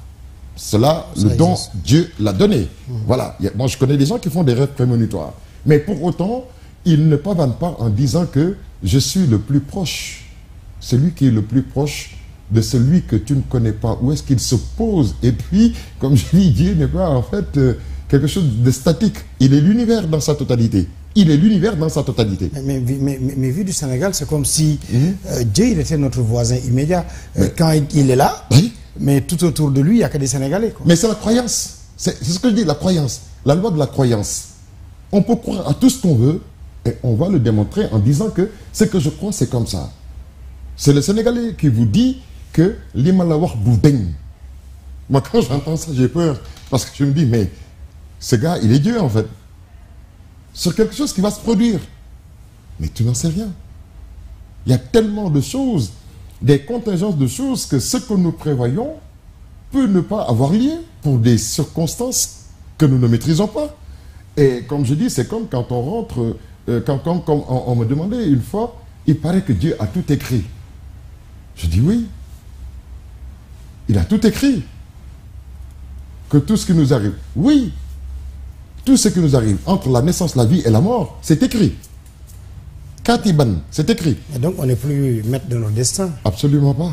Cela, le don, Dieu l'a donné. Voilà. Moi, je connais des gens qui font des rêves prémonitoires. Mais pour autant, il ne pavane pas en disant que je suis le plus proche, celui qui est le plus proche de celui que tu ne connais pas. Où est-ce qu'il se pose Et puis, comme je dis, Dieu n'est pas en fait euh, quelque chose de statique. Il est l'univers dans sa totalité. Il est l'univers
dans sa totalité. Mais, vu du Sénégal, c'est comme si mmh. euh, Dieu était notre voisin immédiat. Euh, quand il, est là, mais tout autour de lui, il n'y a que des Sénégalais. Mais c'est la croyance.
C'est ce que je dis, la croyance. La loi de la croyance. On peut croire à tout ce qu'on veut et on va le démontrer en disant que ce que je crois, c'est comme ça. C'est le Sénégalais qui vous dit que les vous boudaigne. Moi, quand j'entends ça, j'ai peur. Parce que je me dis, mais ce gars, il est Dieu, en fait. Sur quelque chose qui va se produire. Mais tu n'en sais rien. Il y a tellement de choses, des contingences de choses, que ce que nous prévoyons peut ne pas avoir lieu pour des circonstances que nous ne maîtrisons pas. Et comme je dis, c'est comme quand on rentre, euh, quand, on, on, me demandait une fois, il paraît que Dieu a tout écrit. Je dis oui. Il a tout écrit. Que tout ce qui nous arrive, oui, tout ce qui nous arrive entre la naissance, la vie et la mort, c'est écrit. Katiban, c'est écrit. Et donc on n'est plus maître de nos destins. Absolument pas.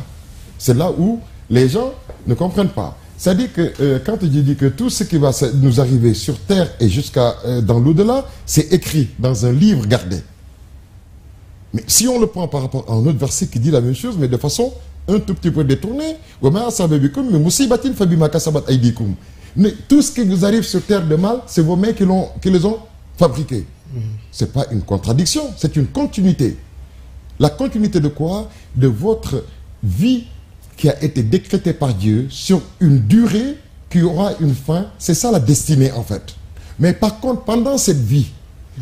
C'est là où les gens ne comprennent pas. C'est-à-dire que euh, quand Dieu dit que tout ce qui va nous arriver sur Terre et jusqu'à euh, dans l'au-delà, c'est écrit dans un livre gardé. Mais si on le prend par rapport à un autre verset qui dit la même chose, mais de façon un tout petit peu détournée, mais tout ce qui nous arrive sur Terre de mal, c'est vos mains qui, qui les ont fabriquées. Mm. Ce n'est pas une contradiction, c'est une continuité. La continuité de quoi De votre vie qui a été décrété par Dieu sur une durée qui aura une fin. C'est ça la destinée en fait. Mais par contre, pendant cette vie,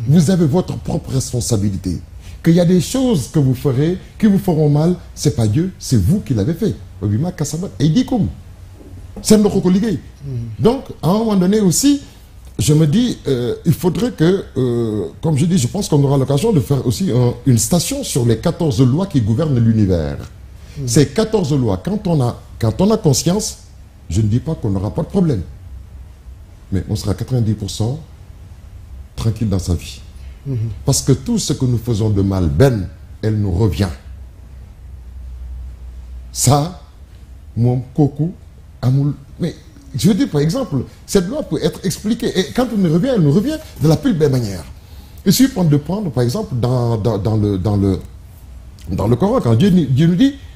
vous avez votre propre responsabilité. Qu'il y a des choses que vous ferez qui vous feront mal, c'est pas Dieu, c'est vous qui l'avez fait. Et Donc, à un moment donné aussi, je me dis, euh, il faudrait que, euh, comme je dis, je pense qu'on aura l'occasion de faire aussi une station sur les 14 lois qui gouvernent l'univers. Mmh. Ces 14 lois, quand on, a, quand on a conscience, je ne dis pas qu'on n'aura pas de problème. Mais on sera 90% tranquille dans sa vie. Mmh. Parce que tout ce que nous faisons de mal, ben, elle nous revient. Ça, mon coco, amoul. Mais je veux dire, par exemple, cette loi peut être expliquée. Et quand elle nous revient, elle nous revient de la plus belle manière. Il suffit de prendre, par exemple, dans, le, dans, le, dans le Coran, quand Dieu nous dit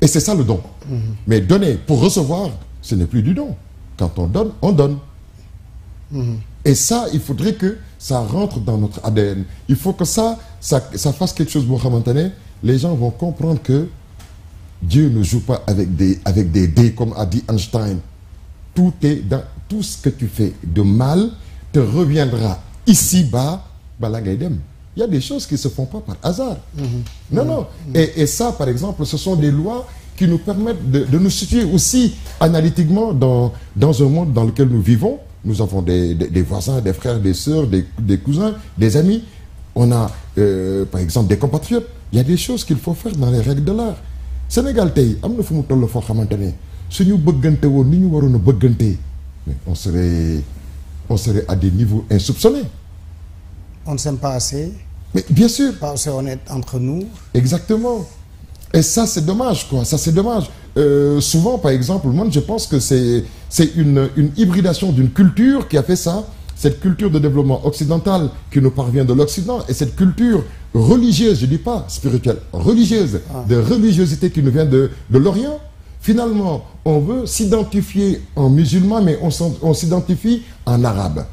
Et c'est ça le don. Mhm. Mais donner pour recevoir, ce n'est plus du don. Quand on donne, on donne. Mhm. Et ça, il faudrait que ça rentre dans notre ADN. Il faut que ça, ça, fasse quelque chose, Mohamed Les gens vont comprendre que Dieu ne joue pas avec des, avec des dés, comme a dit Einstein. Tout, est dans, tout ce que tu fais de mal te reviendra ici-bas, Balagaïdem. Il y a des choses qui ne se font pas par hasard. Mhm. Mhm. Non, non. Mhm. Et, ça, par exemple, ce sont des lois qui nous permettent de, nous situer aussi analytiquement dans, dans un monde dans lequel nous vivons. Nous avons des, voisins, des frères, des soeurs, des, cousins, des amis. On a, euh, par exemple, des compatriotes. Il y a des choses qu'il faut faire dans les règles de l'art. Sénégal, si nous on serait, on serait à des niveaux insoupçonnés.
On ne s'aime pas assez.
Mais bien sûr. parce qu'on est entre nous. Exactement. Et ça, c'est dommage, quoi. Ça, c'est dommage. Euh, souvent, par exemple, moi, je pense que c'est une, une hybridation d'une culture qui a fait ça. Cette culture de développement occidental qui nous parvient de l'Occident et cette culture religieuse, je ne dis pas spirituelle, religieuse, ah. de religiosité qui nous vient de, de l'Orient. Finalement, on veut s'identifier en musulman, mais on s'identifie en arabe.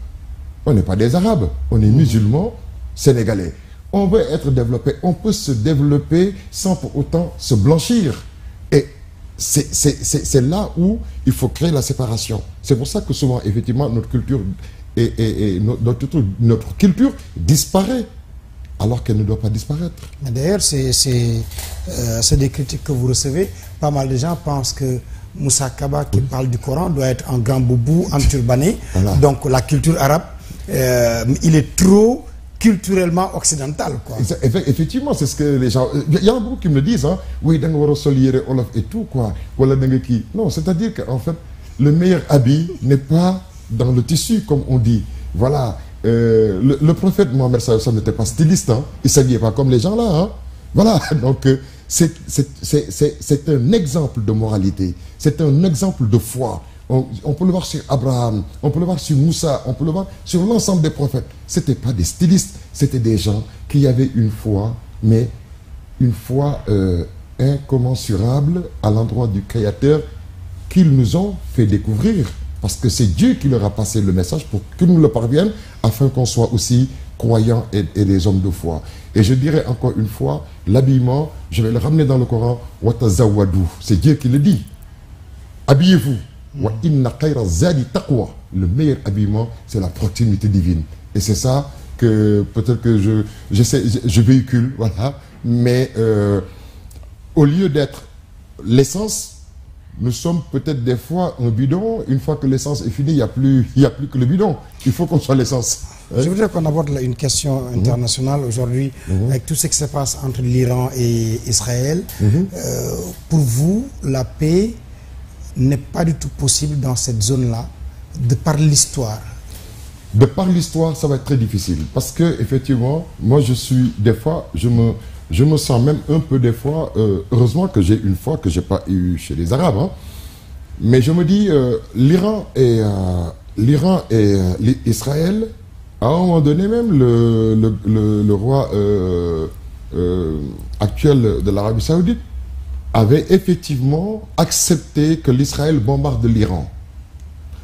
On n'est pas des Arabes, on est mm. musulmans sénégalais. On veut être développé, on peut se développer sans pour autant se blanchir. Et c'est là où il faut créer la séparation. C'est pour ça que souvent, effectivement, notre culture, et, notre, culture disparaît alors
qu'elle ne doit pas disparaître. D'ailleurs, euh, c'est des critiques que vous recevez. Pas mal de gens pensent que Moussa Kaba, qui parle du Coran, doit être en grand boubou, en turbané. Donc la culture arabe euh, il est trop culturellement occidental.
Effectivement, c'est ce que les gens... Il euh, y a beaucoup qui me disent, hein, oui, Olaf et tout, quoi. Non, c'est-à-dire qu'en fait, le meilleur habit n'est pas dans le tissu, comme on dit. Voilà. Euh, le, prophète Mohamed n'était pas styliste. Hein. Il ne s'habillait pas comme les gens là. Hein. Voilà. Donc, c'est un exemple de moralité. C'est un exemple de foi. On, peut le voir sur Abraham, on peut le voir sur Moussa, on peut le voir sur l'ensemble des prophètes. Ce pas des stylistes, c'était des gens qui avaient une foi, mais une foi euh, incommensurable à l'endroit du Créateur qu'ils nous ont fait découvrir. Parce que c'est Dieu qui leur a passé le message pour que nous le parviennent afin qu'on soit aussi croyants et, des hommes de foi. Et je dirais encore une fois, l'habillement, je vais le ramener dans le Coran, C'est Dieu qui le dit. Habillez-vous. Le meilleur habillement, c'est la proximité divine. Et c'est ça que peut-être que je, je, véhicule, voilà. Mais euh, au lieu d'être l'essence, nous sommes peut-être des fois un bidon. Une fois que l'essence est finie, il n'y a, plus, a plus
que le bidon. Il faut qu'on soit l'essence. Je hein? voudrais qu'on aborde une question mhm. internationale aujourd'hui, mhm. avec tout ce qui se passe entre l'Iran et Israël. Mhm. Euh, pour vous, la paix n'est pas du tout possible dans cette zone-là, de par l'histoire
De par l'histoire, ça va être très difficile. Parce que, effectivement, moi, je suis, des fois, je me, je me sens même un peu, des fois, euh, heureusement que j'ai une fois que je n'ai pas eu chez les Arabes, hein. mais je me dis, euh, l'Iran et, euh, l'Iran et Israël, à un moment donné, même le roi actuel de l'Arabie Saoudite, avait effectivement accepté que l'Israël bombarde l'Iran.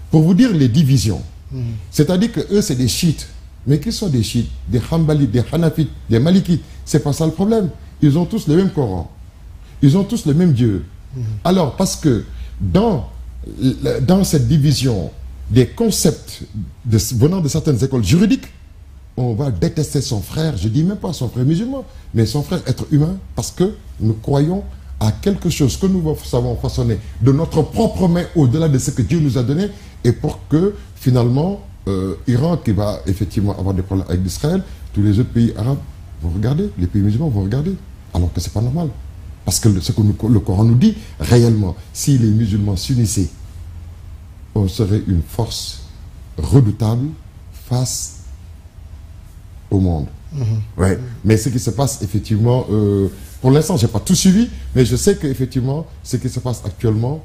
Pour vous dire les divisions, hmm. c'est-à-dire que eux, c'est des chiites. Mais qu'ils sont des chiites Des Hanbalites, des Hanafites, des Malikites. C'est pas ça le problème. Ils ont tous le même Coran. Ils ont tous le même Dieu. Hmm. Alors, parce que dans, dans cette division des concepts venant de certaines écoles juridiques, on va détester son frère, je dis même pas son frère musulman, mais son frère être humain, parce que nous croyons à quelque chose que nous savons façonner de notre propre main au-delà de ce que Dieu nous a donné et pour que finalement euh, Iran qui va effectivement avoir des problèmes avec Israël tous les autres pays arabes vont regarder, les pays musulmans vont regarder, alors que ce n'est pas normal. Parce que ce que le Coran nous dit, réellement, si les musulmans s'unissaient, on serait une force redoutable face au monde. Mm-hmm. Ouais. Mais ce qui se passe effectivement euh, pour l'instant, je n'ai pas tout suivi, mais je sais qu'effectivement, ce qui se passe actuellement,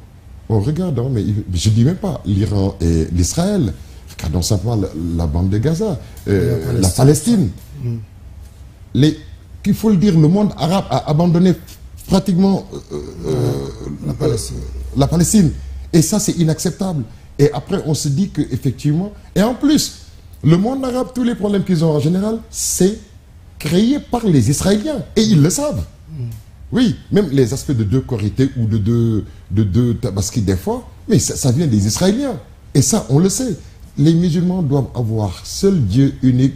on regarde, hein, mais je ne dis même pas l'Iran et l'Israël. Regardons simplement la, la, bande de Gaza, euh, la Palestine. Mm. il faut le dire, le monde arabe a abandonné pratiquement euh, euh, Palestine. la, Palestine. Et ça, c'est inacceptable. Et après, on se dit qu'effectivement... Et en plus, le monde arabe, tous les problèmes qu'ils ont en général, c'est créé par les Israéliens. Et ils le savent. Oui, même les aspects de deux corités ou de deux, de deux tabaski des fois, mais ça, vient des Israéliens. Et ça, on le sait. Les musulmans doivent avoir seul Dieu unique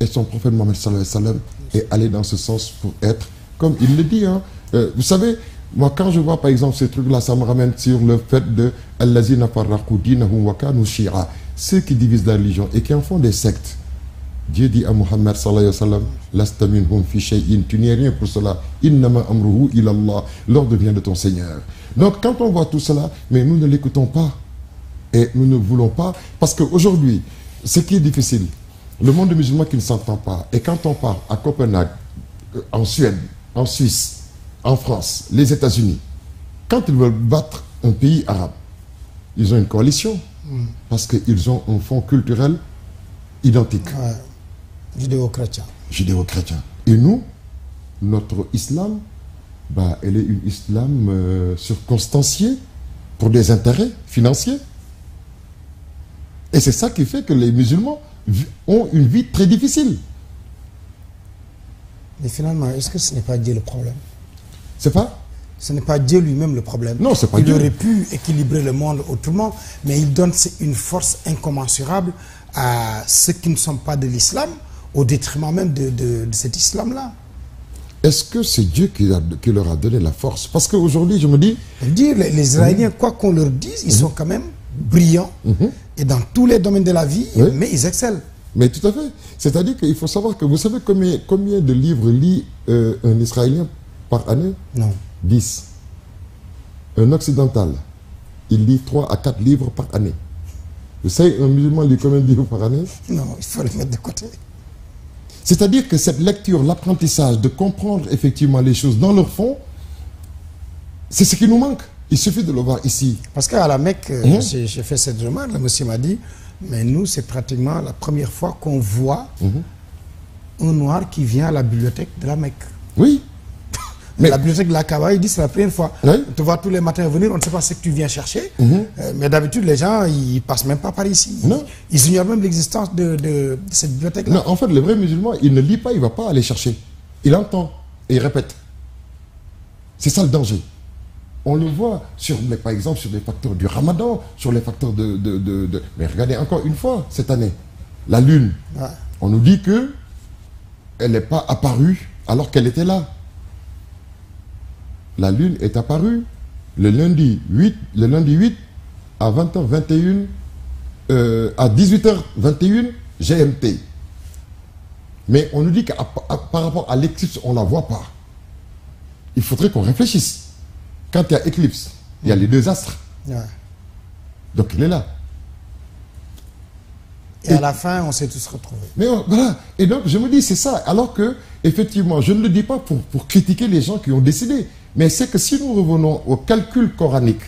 et son prophète Mohammed sallam et aller dans ce sens pour être, comme il le dit. Hein. Euh, vous savez, moi quand je vois par exemple ces trucs-là, ça me ramène sur le fait de « Ceux qui divisent la religion et qui en font des sectes. Dieu dit à Muhammad sallallahu alayhi wa sallam, tu n'es rien pour cela. amruhu ilallah, l'ordre vient de ton Seigneur. Donc quand on voit tout cela, mais nous ne l'écoutons pas. Et nous ne voulons pas, parce qu'aujourd'hui, ce qui est difficile, le monde musulman qui ne s'entend pas, et quand on part à Copenhague, euh, en Suède, en Suisse, en France, les États-Unis, quand ils veulent battre un pays arabe, ils ont une coalition, mm. parce qu'ils ont un fond culturel identique. Judéo-chrétien. Judéo-chrétien. Et nous, notre islam, bah, elle est une islam euh, circonstancié pour des intérêts financiers. Et c'est ça
qui fait que les musulmans ont une vie très difficile. Mais finalement, est-ce que ce n'est pas Dieu le problème C'est pas Ce n'est pas Dieu lui-même le problème. Non, c'est pas Dieu. Il aurait pu équilibrer le monde autrement, mais il donne une force incommensurable à ceux qui ne sont pas de l'islam au détriment même de, cet islam-là.
Est-ce que c'est Dieu qui, leur a donné la force Parce qu'aujourd'hui, je me dis... Dire, les, Israéliens, mhm. quoi qu'on leur dise, ils sont mhm. quand même brillants mhm. et dans tous les domaines de la vie, mais ils excellent. Mais tout à fait. C'est-à-dire qu'il faut savoir que vous savez combien, combien de livres lit euh, un Israélien par année Non. 10. Un occidental, il lit 3 à 4 livres par année. Vous savez, un musulman lit combien de livres par année Non, il faut les mettre de côté. C'est-à-dire que cette lecture, l'apprentissage, de comprendre effectivement les choses dans leur fond, c'est ce qui nous manque.
Il suffit de le voir ici. Parce qu'à la Mecque, hein? euh, j'ai fait cette remarque, le monsieur m'a dit, mais nous, c'est pratiquement la première fois qu'on voit
mhm.
un noir qui vient à la bibliothèque de la Mecque. Oui. Mais la bibliothèque de la Kawa, ils disent c'est la première fois. On te voit tous les matins venir, on ne sait pas ce que tu viens chercher. Mhm. Euh, mais d'habitude, les gens, ils passent même pas par ici. Non. Ils, ignorent même l'existence de, cette bibliothèque-là.
en fait, le vrai musulman, il ne lit pas, il ne va pas aller chercher. Il entend et il répète. C'est ça le danger. On le voit, sur, mais par exemple, sur les facteurs du ramadan, sur les facteurs de, de, Mais regardez encore une fois, cette année, la lune. On nous dit que elle n'est pas apparue alors qu'elle était là la Lune est apparue le lundi 8, le lundi 8 à 20h21, euh, à 18h21 GMT. Mais on nous dit qu'à par rapport à l'éclipse, on ne la voit pas. Il faudrait qu'on réfléchisse. Quand il y a éclipse, il y a mm. les deux astres. Donc il est là. Et, à la fin, on s'est tous retrouvés. Mais voilà. Et donc, je me dis, c'est ça. Alors que, effectivement, je ne le dis pas pour, pour critiquer les gens qui ont décidé. Mais c'est que si nous revenons au calcul coranique,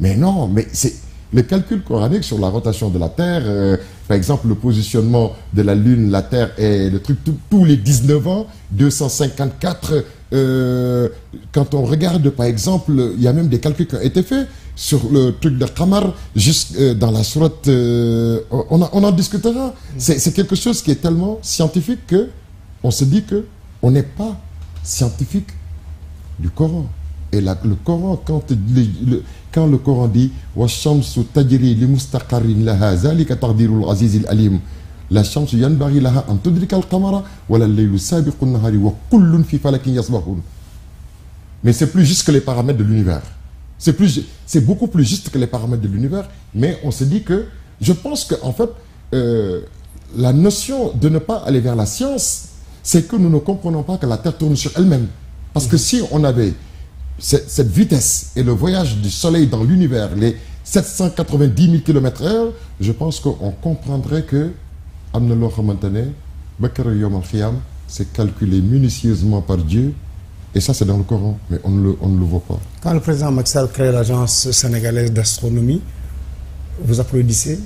mais non, mais c'est le calcul coranique sur la rotation de la Terre, euh, par exemple le positionnement de la Lune, la Terre et le truc, tous les 19 ans, 254, euh, quand on regarde par exemple, il y a même des calculs qui ont été faits sur le truc de Qamar, juste euh, dans la sourate, on, on, en discutera. C'est quelque chose qui est tellement scientifique que on se dit que on n'est pas scientifique du Coran. Et le Coran, quand, le, quand le Coran dit la wa kullun fi Mais c'est plus juste que les paramètres de l'univers. C'est plus c'est beaucoup plus juste que les paramètres de l'univers, mais on se dit que je pense que en fait euh, la notion de ne pas aller vers la science, c'est que nous ne comprenons pas que la Terre tourne sur elle-même. Parce que si on avait cette vitesse et le voyage du soleil dans l'univers, les 790 000 km heure, je pense qu'on comprendrait que Amnelo Khamantane, c'est calculé minutieusement par Dieu. Et ça, c'est dans le Coran, mais on ne le, voit pas.
Quand le président Maxal crée l'agence sénégalaise d'astronomie, vous applaudissez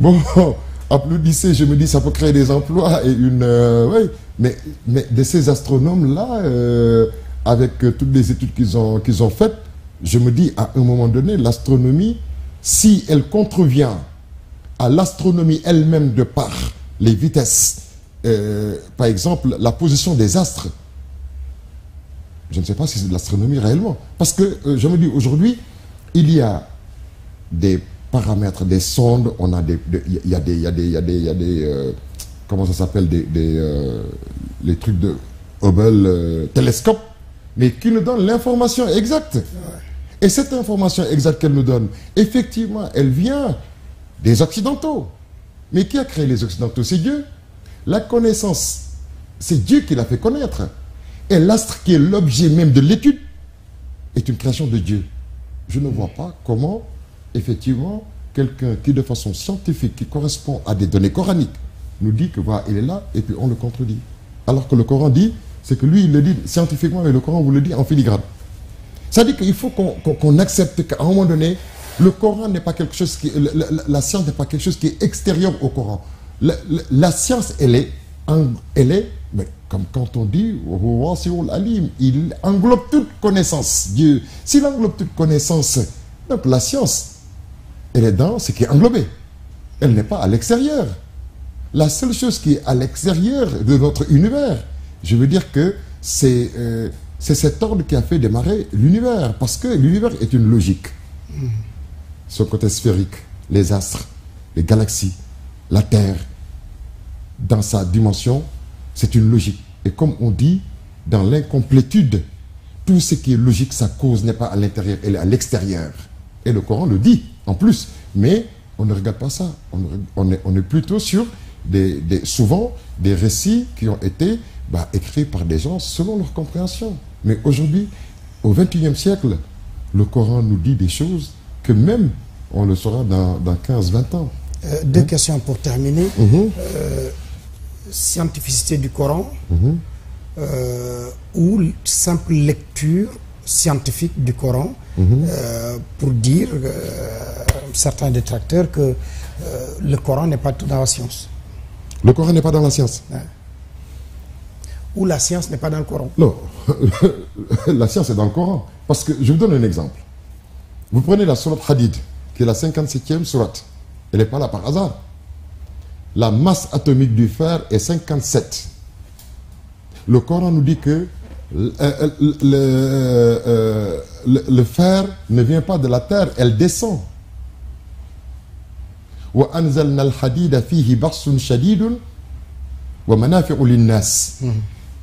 Bon, applaudissez, je me dis, ça peut créer des emplois et une... Euh, mais, mais de ces astronomes-là, euh, avec euh, toutes les études qu'ils ont, qu'ils ont faites, je me dis, à un moment donné, l'astronomie, si elle contrevient à l'astronomie elle-même de par les vitesses, euh, par exemple, la position des astres, je ne sais pas si c'est de l'astronomie réellement. Parce que, je me dis, aujourd'hui, il y a des paramètres, des sondes, on a des, il y a des, il y a des, il y a des, il y a des, comment ça s'appelle, des, euh, les trucs de Hubble euh, télescope, mais qui nous donne l'information exacte. Et cette information exacte qu'elle nous donne, effectivement, elle vient des Occidentaux. Mais qui a créé les Occidentaux C'est Dieu. La connaissance, c'est Dieu qui l'a fait connaître. Et l'astre qui est l'objet même de l'étude est une création de Dieu. Je ne vois pas comment, effectivement, quelqu'un qui, de façon scientifique, qui correspond à des données coraniques, nous dit que voilà, il est là et puis on le contredit. Alors que le Coran dit, c'est que lui, il le dit scientifiquement, et le Coran vous le dit en filigrane. Ça dit qu'il faut qu'on accepte qu'à un moment donné, le Coran n'est pas quelque chose qui. La, science n'est pas quelque chose qui est extérieur au Coran. La, science, elle est. Elle est. Mais comme quand on dit. Il englobe toute connaissance. Dieu. S'il englobe toute connaissance. Donc la science, elle est dans ce qui est englobé. Elle n'est pas à l'extérieur. La seule chose qui est à l'extérieur de notre univers, je veux dire que c'est euh, cet ordre qui a fait démarrer l'univers, parce que l'univers est une logique. Son hmm. côté sphérique, les astres, les galaxies, la Terre, dans sa dimension, c'est une logique. Et comme on dit, dans l'incomplétude, tout ce qui est logique, sa cause n'est pas à l'intérieur, elle est à l'extérieur. Et le Coran le dit, en plus. Mais on ne regarde pas ça. On, est, on est plutôt sur des, souvent des récits qui ont été bah, écrits par des gens selon leur compréhension. Mais aujourd'hui, au XXIe siècle, le Coran nous dit des choses que même on le saura dans, 15-20 ans.
Euh, deux questions pour terminer. Hein? Mhm. Euh, scientificité du Coran mhm. euh, ou simple lecture scientifique du Coran mhm. pour dire certains détracteurs que le Coran n'est pas tout dans la science. Le Coran n'est pas dans la science. Ou la science n'est pas dans le Coran.
Non, la science est dans le Coran. Parce que, je vous donne un exemple. Vous prenez la surat Hadid, qui est la 57e surat. Elle n'est pas là par hasard. La masse atomique du fer est 57. Le Coran nous dit que euh, euh, euh, le fer ne vient pas de la terre, elle descend. Mhm.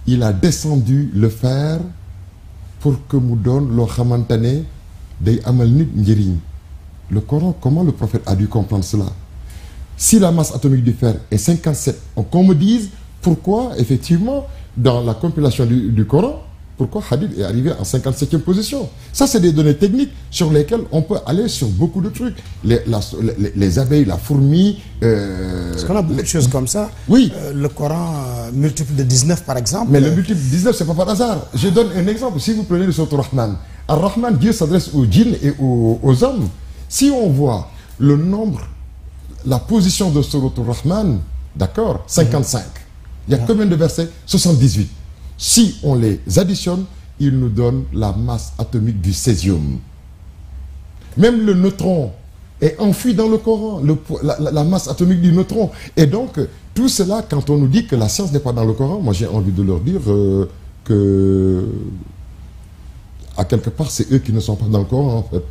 il a descendu le fer pour que nous donne le Khamantane amal le Coran comment le prophète a dû comprendre cela si la masse atomique du fer est 57 qu'on me dise pourquoi effectivement dans la compilation du Coran pourquoi Khadid est arrivé en 57e position. Ça, c'est des données techniques sur lesquelles on peut aller sur beaucoup de trucs. Les, abeilles, la fourmi... Euh, Parce qu'on a beaucoup de choses comme ça. Oui. Euh, le Coran euh, multiple de 19, par exemple. Mais le multiple de 19, c'est pas par hasard. Je donne un exemple. Si vous prenez le Sotur Rahman, Ar-Rahman, Dieu s'adresse aux djinns et aux, hommes. Si on voit le nombre, la position de Sotur Rahman, d'accord, 55. Il y a combien de versets 78. Si on les additionne, ils nous donnent la masse atomique du césium. Même le neutron est enfui dans le Coran, la, masse atomique du neutron. Et donc, tout cela, quand on nous dit que la science n'est pas dans le Coran, moi j'ai envie de leur dire euh, que, à quelque part, c'est eux qui ne sont pas dans le Coran, en fait.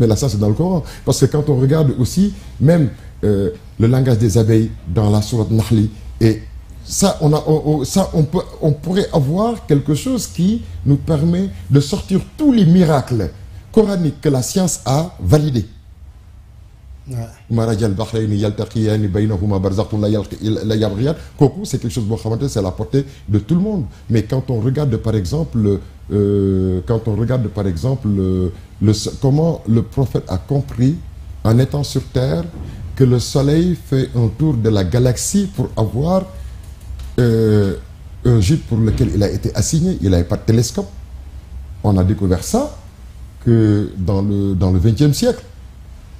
Mais la science est dans le Coran. Parce que quand on regarde aussi, même euh, le langage des abeilles dans la sourate Nahli est ça, on, a, ça on, peut, on pourrait avoir quelque chose qui nous permet de sortir tous les miracles coraniques que la science a validés. C'est quelque chose c'est la portée de tout le monde. Mais quand on regarde par exemple, euh, quand on regarde par exemple le, comment le prophète a compris en étant sur terre que le soleil fait un tour de la galaxie pour avoir euh, un gîte pour lequel il a été assigné, il n'avait pas de télescope. On a découvert ça que dans le, dans le 20e siècle.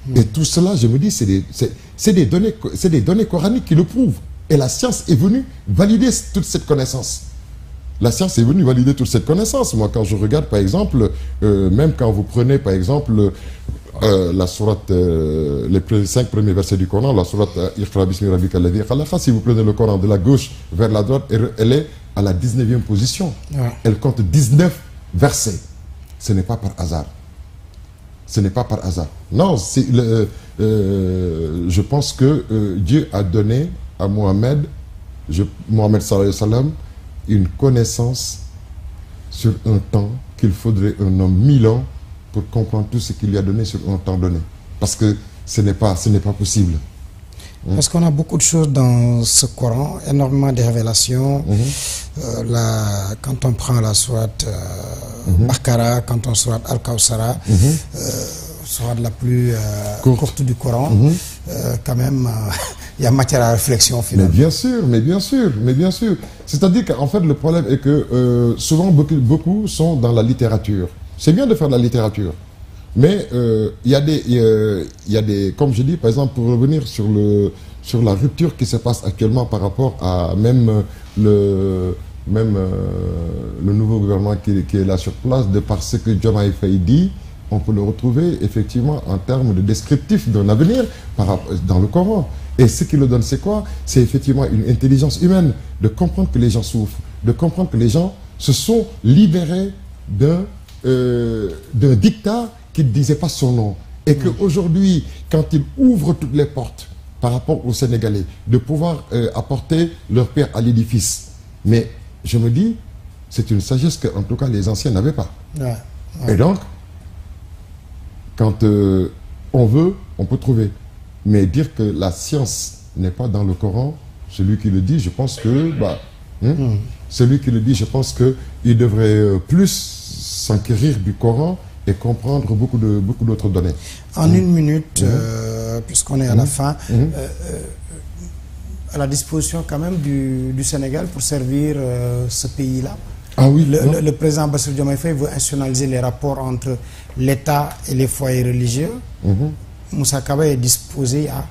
Hmm. Et tout cela, je me dis, c'est des, données, des données coraniques qui le prouvent. Et la science est venue valider toute cette connaissance. La science est venue valider toute cette connaissance. Moi, quand je regarde, par exemple, euh, même quand vous prenez, par exemple, euh, la sourate, euh, les cinq premiers versets du Coran, la sourate euh, si vous prenez le Coran de la gauche vers la droite, elle est à la 19e position. Elle compte 19 versets. Ce n'est pas par hasard. Ce n'est pas par hasard. Non, je pense que Dieu a donné à Mohamed, je, Mohamed sallam, une connaissance sur un temps qu'il faudrait un homme mille ans pour comprendre tout ce qu'il lui a donné sur un temps donné. Parce que ce n'est pas, pas possible.
Hein? Parce qu'on a beaucoup de choses dans ce Coran, énormément de révélations. Mhm. Euh, quand on prend la sourate euh, mhm. quand on sourate Al-Kawsara, mm la plus euh, courte. du Coran, mhm. quand même, il y a matière à réflexion Mais bien sûr, mais bien sûr, mais bien sûr. C'est-à-dire qu'en fait, le
problème est que souvent, beaucoup sont dans la littérature. C'est bien de faire de la littérature. Mais euh, il y, a des, des, comme je dis, par exemple, pour revenir sur, le, sur la rupture qui se passe actuellement par rapport à même euh, le, même, euh, le nouveau gouvernement qui, est là sur place, de par ce que John dit, on peut le retrouver effectivement en termes de descriptif d'un avenir dans le Coran. Et ce qui le donne, c'est quoi C'est effectivement une intelligence humaine de comprendre que les gens souffrent, de comprendre que les gens se sont libérés d'un euh, d'un dictat qui ne disait pas son nom. Et qu'aujourd'hui, quand il ouvre toutes les portes par rapport aux Sénégalais, de pouvoir euh, apporter leur père à l'édifice. Mais je me dis, c'est une sagesse que en tout cas les anciens n'avaient pas. Et donc, quand euh, on veut, on peut trouver. Mais dire que la science n'est pas dans le Coran, celui qui le dit, je pense que... Bah, hein, hmm. Celui qui le dit, je pense qu'il devrait plus s'enquérir du Coran et comprendre beaucoup de beaucoup d'autres données. En hein? une
minute, hein? euh, puisqu'on est à hein? la fin, euh, euh, à la disposition quand même du, du Sénégal pour servir ce pays-là. Ah oui, le, président Bassir Diomaye veut nationaliser les rapports entre l'État et les foyers religieux. Mhm. Moussa Kaba est disposé à...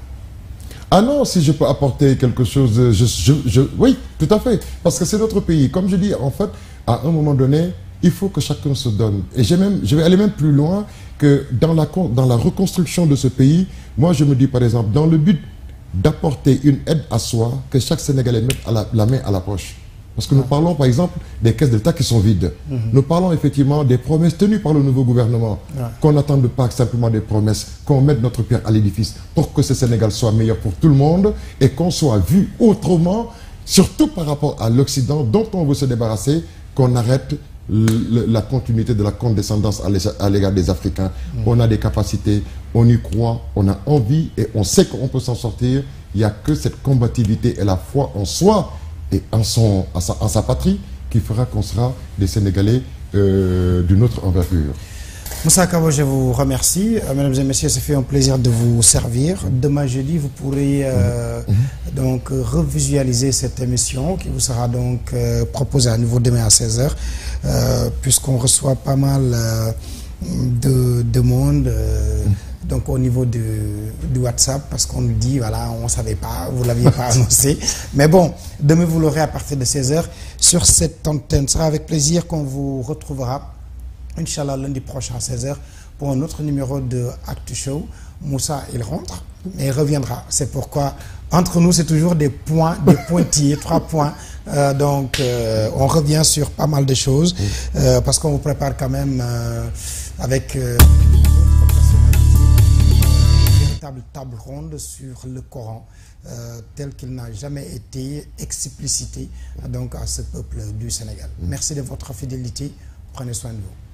Ah non, si je peux apporter quelque chose, oui, tout à fait. Parce que c'est notre pays. Comme je dis, en fait, à un moment donné, il faut que chacun se donne. Et même, je vais aller même plus loin que dans la, reconstruction de ce pays, moi je me dis par exemple, dans le but d'apporter une aide à soi, que chaque Sénégalais mette la, main à la poche. Parce que nous parlons par exemple des caisses d'État qui sont vides. Mhm. Nous parlons effectivement des promesses tenues par le nouveau gouvernement. Qu'on n'attende pas simplement des promesses, qu'on mette notre pierre à l'édifice pour que ce Sénégal soit meilleur pour tout le monde et qu'on soit vu autrement, surtout par rapport à l'Occident dont on veut se débarrasser, qu'on arrête la continuité de la condescendance à l'égard des Africains. Mm. On a des capacités, on y croit, on a envie et on sait qu'on peut s'en sortir. Il n'y a que cette combativité et la foi en soi et en, son, sa, patrie qui fera qu'on sera des Sénégalais euh, d'une autre envergure.
Moussa Kabo, je vous remercie. Euh, mesdames et messieurs, ça fait un plaisir de vous servir. Demain jeudi, vous pourrez euh, mhm. Mhm. donc euh, revisualiser cette émission qui vous sera donc proposée à nouveau demain à 16h, puisqu'on reçoit pas mal de demandes. Mhm. donc au niveau du, du WhatsApp, parce qu'on nous dit, voilà, on ne savait pas, vous ne l'aviez pas annoncé. Mais bon, demain, vous l'aurez à partir de 16h sur cette antenne. Ce sera avec plaisir qu'on vous retrouvera Inch'Allah, lundi prochain à 16h pour un autre numéro de act Show. Moussa, il rentre, mais il reviendra. C'est pourquoi, entre nous, c'est toujours des points, des pointillés, trois points. Euh, donc, euh, on revient sur pas mal de choses euh, parce qu'on vous prépare quand même avec une véritable table ronde sur le Coran tel qu'il n'a jamais été explicité donc à ce peuple du Sénégal. Merci de votre fidélité. Prenez soin de vous.